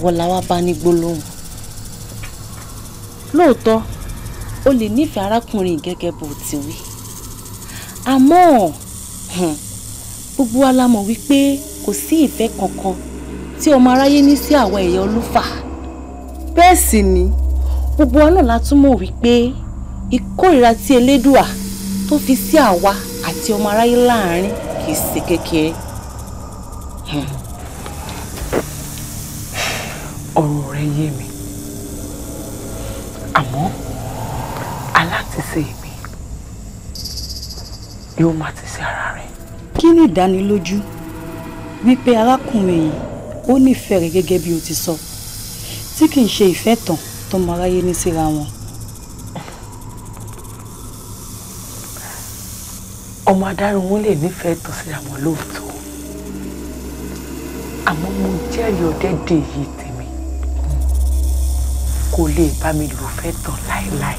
ìwọ làwa bá ní gbólóhùn lóòótọ́ o lè nífẹ̀ẹ́ arákùnrin gẹ́gẹ́ bó ti wí àmọ́ gbogbo wa la mọ̀ wípé kò sí ìfẹ́ kankan tí ọmọ aráyé ní sí àwa ẹ̀yà olúfà bẹ́ẹ̀ sì ni gbogbo wa náà la tún mọ̀ wípé ìkórìíra tí elédùà tó fi sí àwa àti ọmọ aráyé láàárín kì í ṣe kékeré. Hmm. rẹ yé mi àmọ́ alátisẹ́ mi yóò má ti ṣe ara rẹ̀. kí ni ìdánilójú wípé arákùnrin yìí ó nífẹ̀ẹ́ rẹ̀ gẹ́gẹ́ bí o ti sọ tí kì í ṣe ìfẹ́ tán tó mọ aráyé ní síra wọn. ọmọ adarí wọn lè nífẹ̀ẹ́ tán síra wọn lóòótọ́ àmọ́ mo jẹ́rìí ọdẹ́dẹ́ yìí tẹ̀ kò lè bá mi lò fẹ́ tán láéláé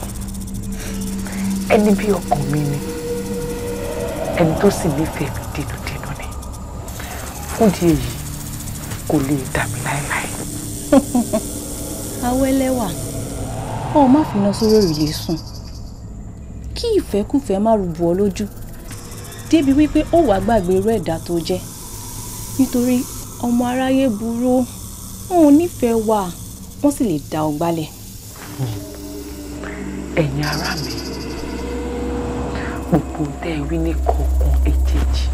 ẹni bí ọkàn mi ni ẹni tó sì nífẹ̀ẹ́ mi dénúdénú ni fúndì èyí kò lè dà mí láéláé. awẹ́lẹ́wà ọ má fi iná sórí òrùlé sùn kí ìfẹ́kùfẹ́ má rúbọ ọ lójú débi wípé ó wàá gbàgbé irú ẹ̀dá tó jẹ́ nítorí ọmọ aráyé burú òun nífẹ̀ẹ́ wà wọ́n sì lè da ọ gbálẹ̀. ẹ̀yin ará mi gbogbo tẹ́ ẹ wí ní kọ̀ọ̀kan èjèèjì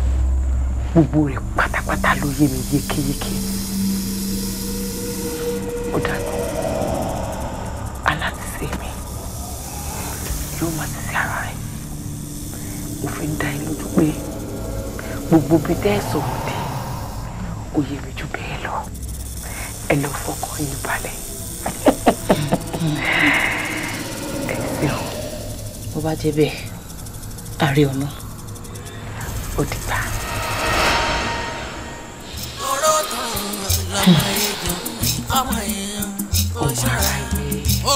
gbogbo rẹ̀ pátápátá ló yé mi yékéyéké ó dànù alátìsí mi yóò máa ti sí ara rẹ̀ mo fi ń dá ẹ lójú pé gbogbo bíi tẹ́ ẹ sọ̀rọ̀ dé ó yé mi jù bẹ́ẹ̀ lọ ẹ lọ fọkàn yín balẹ̀ bó bá jẹ́ bẹ́ẹ̀ àrí ọ̀nà ó ti gbà. Hmm.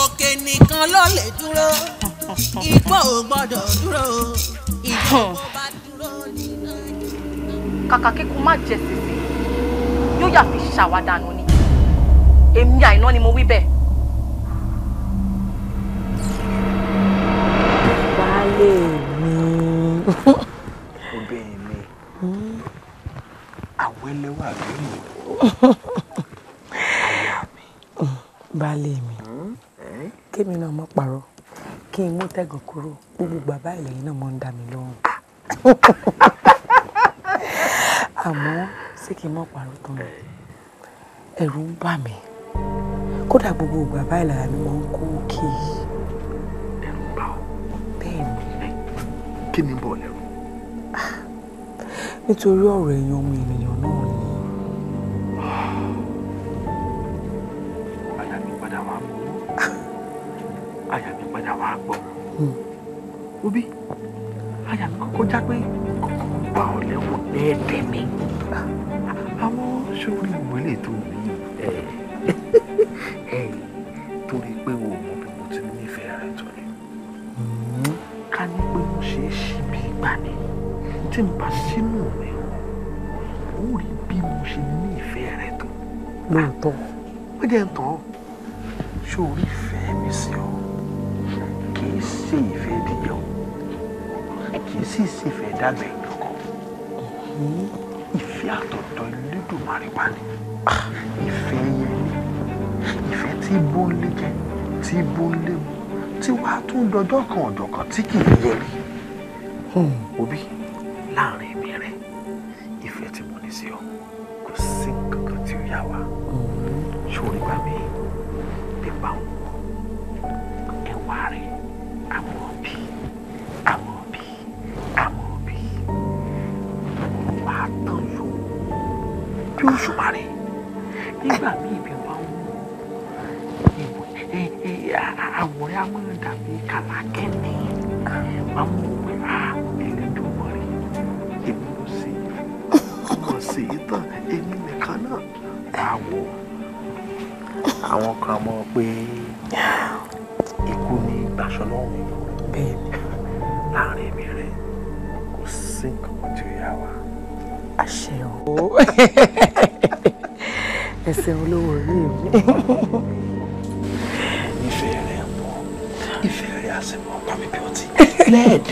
òkè nìkan ló lè dúró igbó ò gbọ́dọ̀ dúró igbó bá dúró nínú ìlú. kàkà kíkún má jẹ sèse yóò yà fi ṣàwádànù ni èmi àìná ni mo wí bẹ́ẹ̀. mi. obìnrin mi àwẹ́lẹ́wà lórí àyà mi. baálé mi hmm? Hmm? kémi náà mọ̀ pàrọ̀ kí n mú tẹ̀gàn kúrò gbogbo bàbá ìlẹ̀yìn náà mọ̀ ń dá mi lóhùn. àmọ́ ṣé kí n mọ̀ pàrọ̀ tó lọ ẹ̀rù ń bà mí kódà gbogbo bàbá ìlàyà mi máa ń kú kì í. kí ni bọ̀ lẹ́rù. nítorí ọ̀rọ̀ ẹ̀yìn ọmọ ènìyàn náà ni. àyà mi padà wá gbọ́ àyà mi padà wá gbọ́ òbí hmm. àyà mi kọ́kọ́ já pé kọ́kọ́ bá ọ lẹ́wọ̀n dẹ́ẹ̀dẹ́ ó jẹ́ ń tàn ọ́ ṣó orí ìfẹ́ mi sí ọ kì í ṣe ìfẹ́ ìdíyẹ o kì í sì ṣe ìfẹ́ ìdàgbẹ́ ìdókò ìfẹ́ àtọ̀dọ̀ Elédùmarè wá ni ìfẹ́ yẹn ìfẹ́ tí bóńlé jẹ tí bóńlé mu tí wàá tún dọjọ́ kan ọ̀dọ̀ kan tí kì í yẹ rí òbí láàrin.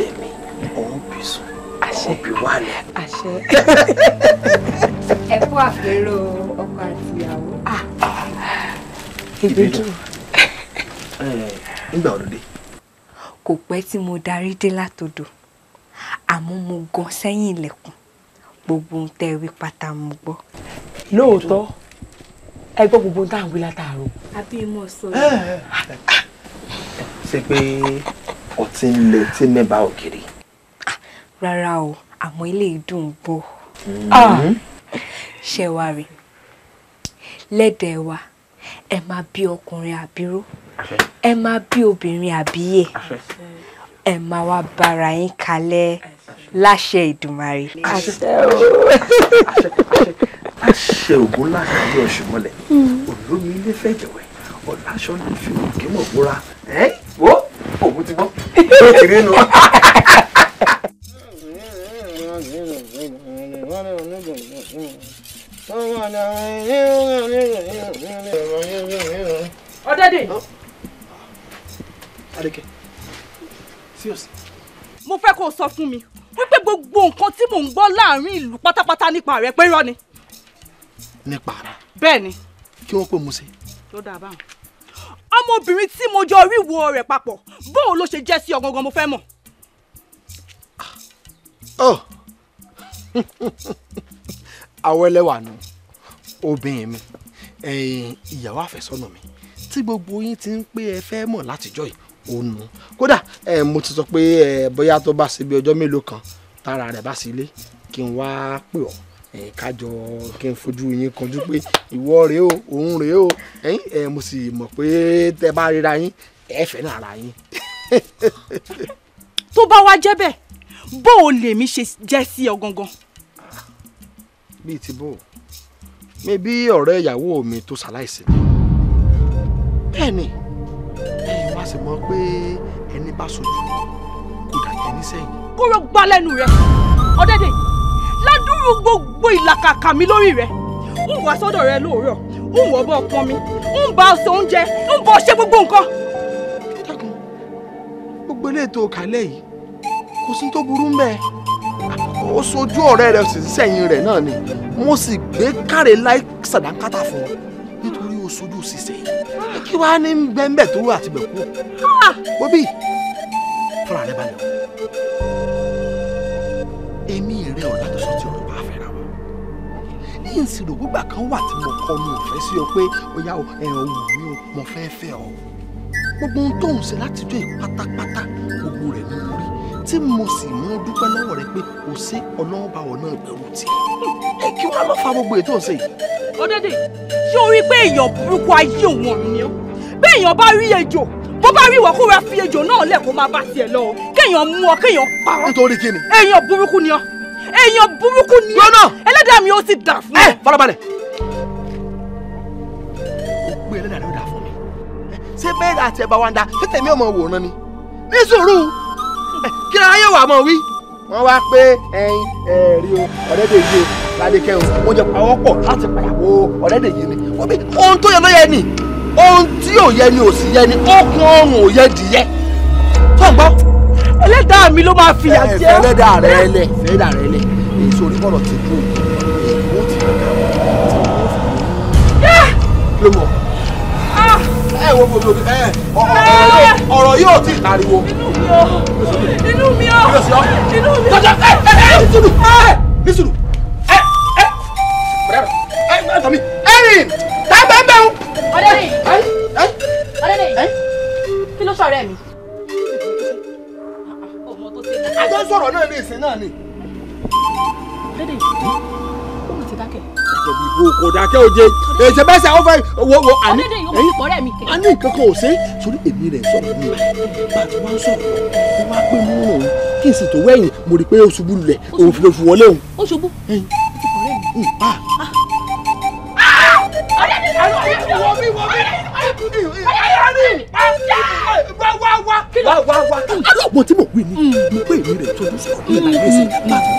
dẹ̀mí òun bí sùn òun bí wálẹ̀. àṣẹ ẹ kú àpérò ọkọ àti ìyàwó. ìbídùn. Eh, nígbà òdòdó. kò pẹ́ tí mo darí dé látodò àmọ́ mo gan sẹ́yìn ilẹ̀kùn gbogbo ohun tẹ́ wí pátá mo gbọ́. lóòótọ́ ẹ gbọ́ gbogbo ohun tá à ń wí látàárọ̀. àbí mo sọ. Eh, eh, ṣe pé nǹkan tí ń lẹ tí mẹ́ba ògiri. Ah, rárá o àmọ́ ilé ìdùn gbọ́ mm-hmm. ah, ṣe wá rí lẹ́dẹ̀ẹ́ wa ẹ máa bí ọkùnrin àbíró ẹ máa bí obìnrin àbíyè ẹ máa wá bára yín kalẹ̀ láṣẹ ìdùmarè. àṣẹ o àṣẹ ògùn láṣẹ ọṣùmọlẹ olómi ilé fẹjọwẹ ọlásọ ní fi òkè mọ búra ẹ wo òun ti gbọ́ ó ti rí nu. mo fẹ́ kó o sọ fún mi wípé gbogbo nǹkan tí mò ń gbọ́ láàrin ìlú pátápátá nípa rẹ pé irọ́ ni. nípa ara. bẹ́ẹ̀ ni. kí wọ́n pè mo ṣe. ló dáa báwọn ọmọbìnrin tí mo jọ rí wo rẹ̀ papọ̀ bóun ló ṣe jẹ́ sí ọ gangan mo fẹ́ mọ̀. Oh. àwọn ẹlẹ́wà nu obìnrin mi ìyàwó àfẹ́sọ́nà mi tí gbogbo yín ti ń pé ẹ fẹ́ mọ̀ látijọ́ yìí ó nu kódà mo ti sọ pé bóyá tó bá ṣe bí ọjọ́ mélòó kan tára rẹ̀ bá sí ilé kí n wá pè ọ́ kájọ kí n fojú yín kanjú pé ìwọ rèé o òun rèé o ẹ mo sì mọ̀ pé tẹ bá ríra yín ẹ fẹ́ náà ra yín. tó bá wá jẹ́ bẹ́ẹ̀ bó o lèmi ṣe jẹ́ sí ọ gangan. bíi ti bó mi bí ọ̀rẹ́ ìyàwó mi tó ṣaláìsí bẹ́ẹ̀ ni ẹ̀yin wá sì mọ̀ pé ẹni bá sojú kò dàgbẹ́ ní sẹ́yìn. kúrò gbá lẹ́nu rẹ ọ̀dẹ́dẹ́ lórí gbogbo ìlàkàkà mi lórí rẹ ń wá sọ́dọ̀ rẹ lóòrọ̀ ń wọ bọ ọpọn mi ń bá ọsẹ oúnjẹ ń bọ ṣe gbogbo nǹkan. dákun gbogbo ilé ètò ìkàlẹ̀ yìí kò sí tó burú mbẹ ó sojú ọ̀rẹ́ rẹ sì sẹ́yìn rẹ̀ náà ni mo sì gbé káre láì sàdánkátà fún ọ nítorí ó sojú ṣiṣẹ́ kí wàá ní bẹ́ńbẹ́ tó wà àti bẹ̀kú bóbí ah! fúnra rẹ balẹ̀ o èmi rẹ ọ̀la tó sọ ti ọ̀rọ̀ n sì rò gbígbà kan wà tí mo kọnu ọ̀fẹ́ sí ọ pé ó yá o ẹ ọ wù mí o mo fẹ́ fẹ́ ọ gbogbo ohun tó ń ṣe látijọ́ yìí pátápátá gbogbo rẹ̀ ni mo tí mo sì mú dúpẹ́ lọ́wọ́ rẹ pé kò sí ọlọ́ọ̀bàwọ̀ náà gbẹ̀rù tì ẹ kí wọ́n lọ fa gbogbo ètò ọ̀sẹ̀ yìí. ọ̀dẹ́dẹ̀ ṣé rí pé èèyàn burúkú ayé òun ọ̀run ni ó bẹ́ẹ̀ èèyàn bá rí ejò bó bá rí ìwọ fi ejò náà lẹ̀ kó máa bá tiẹ̀ lọ kéèyàn mú ọ kéèyàn pa ọ. nítorí kí ni. èèyàn burúkú ni ọ èèyàn burúkú ni ẹ ẹlẹ́dàá mi ó sì dà fún mi. ẹ farabalẹ̀ ó gbé ẹlẹ́dàá mi ó dà fún mi ṣé bẹ́ẹ̀ àti ẹ̀bá wa ń da tètè mi ò mọ òwòrán ni ní sùúrù kí ni ayé wa mọ̀ wí. wọ́n wá pé ẹyin ẹ̀rí o ọ̀rẹ́dẹ̀yẹ ládékẹ́ o wọ́n jẹ pàwọ́ pọ̀ láti pàyàwó ọ̀rẹ́dẹ̀yẹ ni wọ́n bí ohun tó yẹ ló yẹ ni ohun tí ò yẹ ni ò sì yẹ ni ó kún ọ̀run ò yẹ dìyẹ. tó ń gbọ́ ẹlẹ́dàá mi ló máa fìyà jẹ. ẹ fẹ́lẹ́dàá rẹ lẹ fẹ́lẹ́dàá rẹ lẹ èso orí kọ̀rọ̀ ti kú èkó ti kú ló mọ̀ ah! ẹ wo mo lo ẹ ọ̀rọ̀ yóò ti tariwo. inú mi o inú mi o tọ́jà ẹ ẹ ẹ nísùlù ẹ nísùlù ẹ ẹ ẹ ẹ tọ́ mi ẹ rìn tá a bẹ́ẹ̀ bẹ́ẹ̀ o. ọ̀rẹ́ mi ọ̀rẹ́ mi kí ló sọ ọ̀rẹ́ mi. sọ̀rọ̀ náà ní ìsìn náà ni. lédè ó mọ̀ ti dákẹ́. dákẹ́ bí ibo kò dákẹ́ oje èsè bá ṣe àwọn fẹ́ wo wo àní àní nǹkan kan ò ṣe sórí èmi rẹ̀ sọ̀rọ̀ mi bá a ti wá ń sọ̀rọ̀ ó wá pé mú òun kí n sì tó wẹ̀yìn mo rí i pé ó ṣubú lulẹ̀ òun fi lè fún wọlé òun. ó ṣubú ọ̀rẹ́ mi. ọ̀rẹ́ mi ọ̀rẹ́ mi wọ̀ mí wọ̀ mí wá wá wá wá. àwọn tí mo wí ni hmm. mo pé èmi rẹ̀ tó ló sọ̀rọ̀ bí ẹ̀la ìrẹsì láti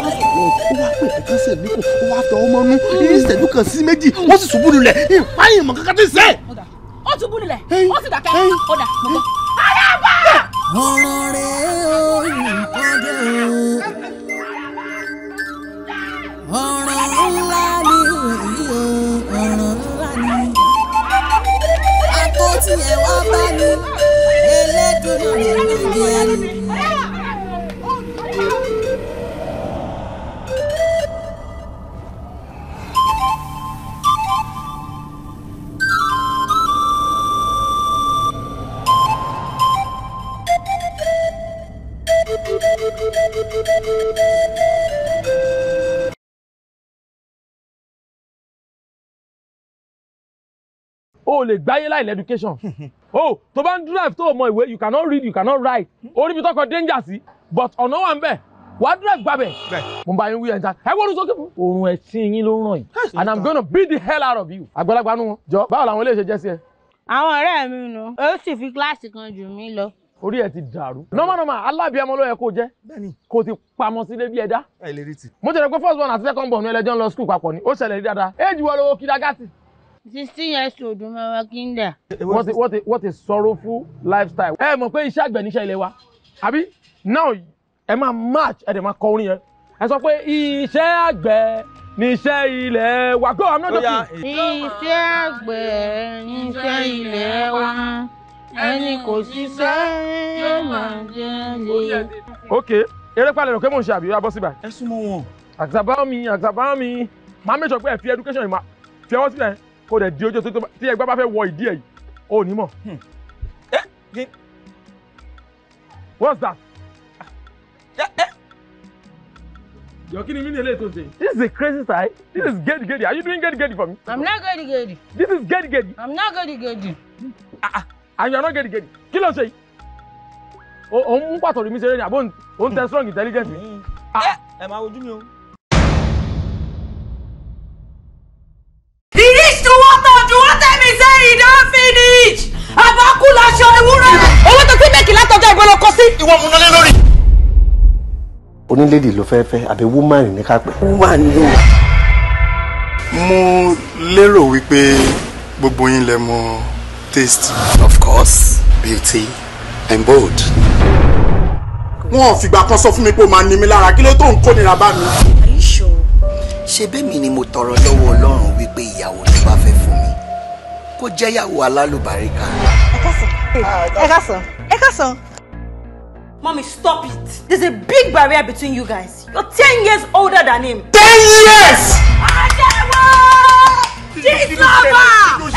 wá sọ̀rọ̀ ó wá pè é kánṣẹ́ ní kò ó wá tọ ọmọ nú hmm. ìṣẹ́jú kan sí méjì wọ́n sì ṣubú lulẹ̀ ìpáyìn mọ̀ kankan ti sẹ́. ó ti bú lulẹ̀ ó sì dàkẹ́ ó dà mọ́ ọ̀rọ̀ rẹ̀ ó nǹkan jẹ́ o ọ̀rọ̀ ńlá ni èyí o ọ̀rọ̀ ńlá ni àpótí ẹ̀ wá bá mi. Dur, dur, dur, dur. o lè gbáyé láì lẹ́dúkéṣàn o oh, tó bá ń drive tó o mọ ìwé you cannot read you cannot write orí ibi tọkọ danger sí but ọ̀nà wà ń bẹ̀ wàá drive gbàbẹ̀ mo bá yín wí ẹja ẹ wọ́n sókè fún oorun ẹ̀sìn yín ló ń ràn yín and i'm gonna beat the hell out of you àgbàlagbà nu wọn jọ báwo làwọn eléyìí ṣe jẹ́ sí ẹ. àwọn ọ̀rẹ́ mi nu ó sì fi kíláàsì kan jù mí lọ orí ẹ ti dàrú. normal normal alábìàmọ ló yẹ kó jẹ kó ti pamọ́ sílé bí ẹ̀dá. mo jẹ̀rẹ̀ pé first born àti second born ẹlẹ́jọ́ ń lọ school papọ̀ ni ó ṣẹlẹ̀ dáadáa. éèjì wọ lówó kí sixteen years old mama kinda. what a what a what a sorrowful lifestyle. ẹ mọ̀ pé iṣẹ́ àgbẹ̀ níṣẹ́ ilé wa àbí now ẹ máa march ẹ dẹ̀ máa kọ orin yẹn ẹ sọ pé iṣẹ́ àgbẹ̀ níṣẹ́ ilé wa go i'm not joking. iṣẹ́ àgbẹ̀ níṣẹ́ ilé wa ẹni kò ṣiṣẹ́ yóò máa jẹ́ lè. ok eré palẹ̀ rò pé mò ń ṣe àbí abọ́ síbà. ẹ súnmọ́ wọn. àgbà bá mi àgbà bá mi máa mẹ́jọ pé ẹ fi education yìí máa fi ọwọ́ síbẹ̀ kó dẹ̀ di ojú tí ẹgbẹ́ bá fẹ́ wọ ìdí ẹ̀ yìí ó ní mọ̀. Hmm. what's that. Your kini mean late today. This is a crazy side. This is gedi gedi. Are you doing gedi gedi for me? I'm not gedi gedi. This is gedi gedi. I'm not gedi gedi. Ah ah. And you are not gedi gedi. Kí ló ṣe yìí? O ń pàtó rí mi ṣeré ni àbó o ń tẹ strong intelligence mi. Hmm. Ah. Ẹ máa wojú mi o. we don finish àbákú lọ́sọ ìwúrọ̀. owó tó kí mẹ́kì látọjọ́ ìbọn lọ kọ sí. ìwọ mu nọlé lórí. onílédè ló fẹ́ẹ́ fẹ́ àbí woman ní ká pè. woman ló. mo lérò wípé gbogbo yín lè mọ taste. of course beauty and bold. wọn ò fìgbà kan sọ fún mi pé o máa ní mi lára kí ló tó ń kó nira bá mi. àyíṣọ ṣe bẹ́ẹ̀ mi ni mo tọrọ lọ́wọ́ ọlọ́run wípé ìyàwó ló bá fẹ́ fún mi kó jẹ́yàwó alálùbáríkà. ẹ káàsán ah, ẹ káàsán ẹ káàsán. Mommy, stop it. There's a big barrier between you guys. You're ten years older than him. Ten years! Adewo! Jísọ́mà!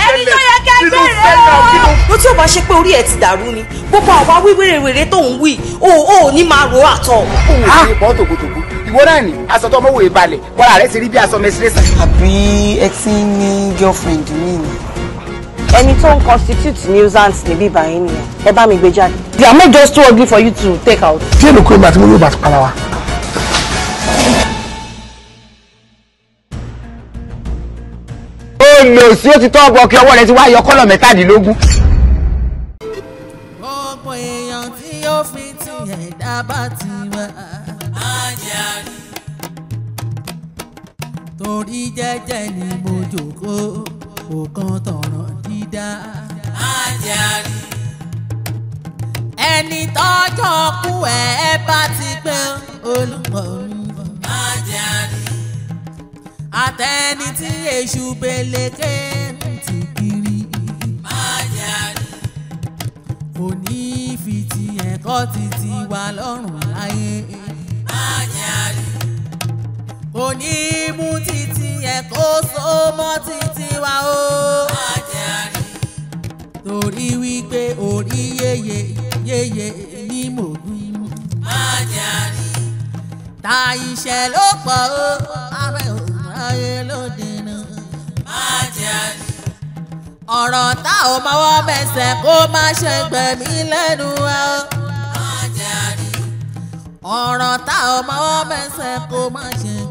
Ẹni tó yẹ kẹ́gbẹ́ rẹ̀ o! Mo tí ò bá ṣe pé orí ẹ̀ ti dàrú ni, gbogbo àwa wí wèrèwèrè tó ń wí, o ò ní máa ro àtọ̀. Òun ò ní bọ́ tògótògó. Ìwọ náà aṣọ tó ọmọwòye balẹ̀, kọ́ra rẹ̀ ti rí bí aṣọ mẹsìlẹ́sà. Àbí ẹ ti ń ní girlfriend mi ni? ẹni tó ń constitute nuisance níbí báyìí nìyẹn ẹ bá mi gbé jáde. they are not just too ugly for you to take out. díẹ̀ ló kúrò mi àti mo yóò bá ti para wa. ó lò sí ó ti tọ́ ọgbọ́n kí ọwọ́ rẹ ti wá yọ kọ́lọ̀ mẹ́tàdínlógún. ọ̀pọ̀ èèyàn tí yóò fi tiẹ̀ dá bá ti wá. torí jẹ́jẹ́ ni mo jòkó kò kan dá. Ájàrí. Ẹni tọ́jọ́ kú ẹ̀ bá ti gbé olùmọ̀ olùmọ̀. Ájàrí. Àtẹni tí èṣù peléke ń tì kiri. Ájàrí. Kò ní fi ti ẹ̀kọ́ títí wa lọ́rùn láyé. Ájàrí òní mú títí yẹ kó mọ́ títí wa o. Àjàrí torí wípé orí yéye yéye ni mò ń. má jà rí. ta iṣẹ́ ló pọ̀ ó ààrẹ òǹráyé ló dènà. má jà ọ̀rọ̀ tá ò mọwọ́ mẹsẹ̀ kó má ṣe gbẹ̀mí lẹ́nu wa ó. má jà ọ̀rọ̀ tá ò mọwọ́ mẹsẹ̀ kó má ṣe.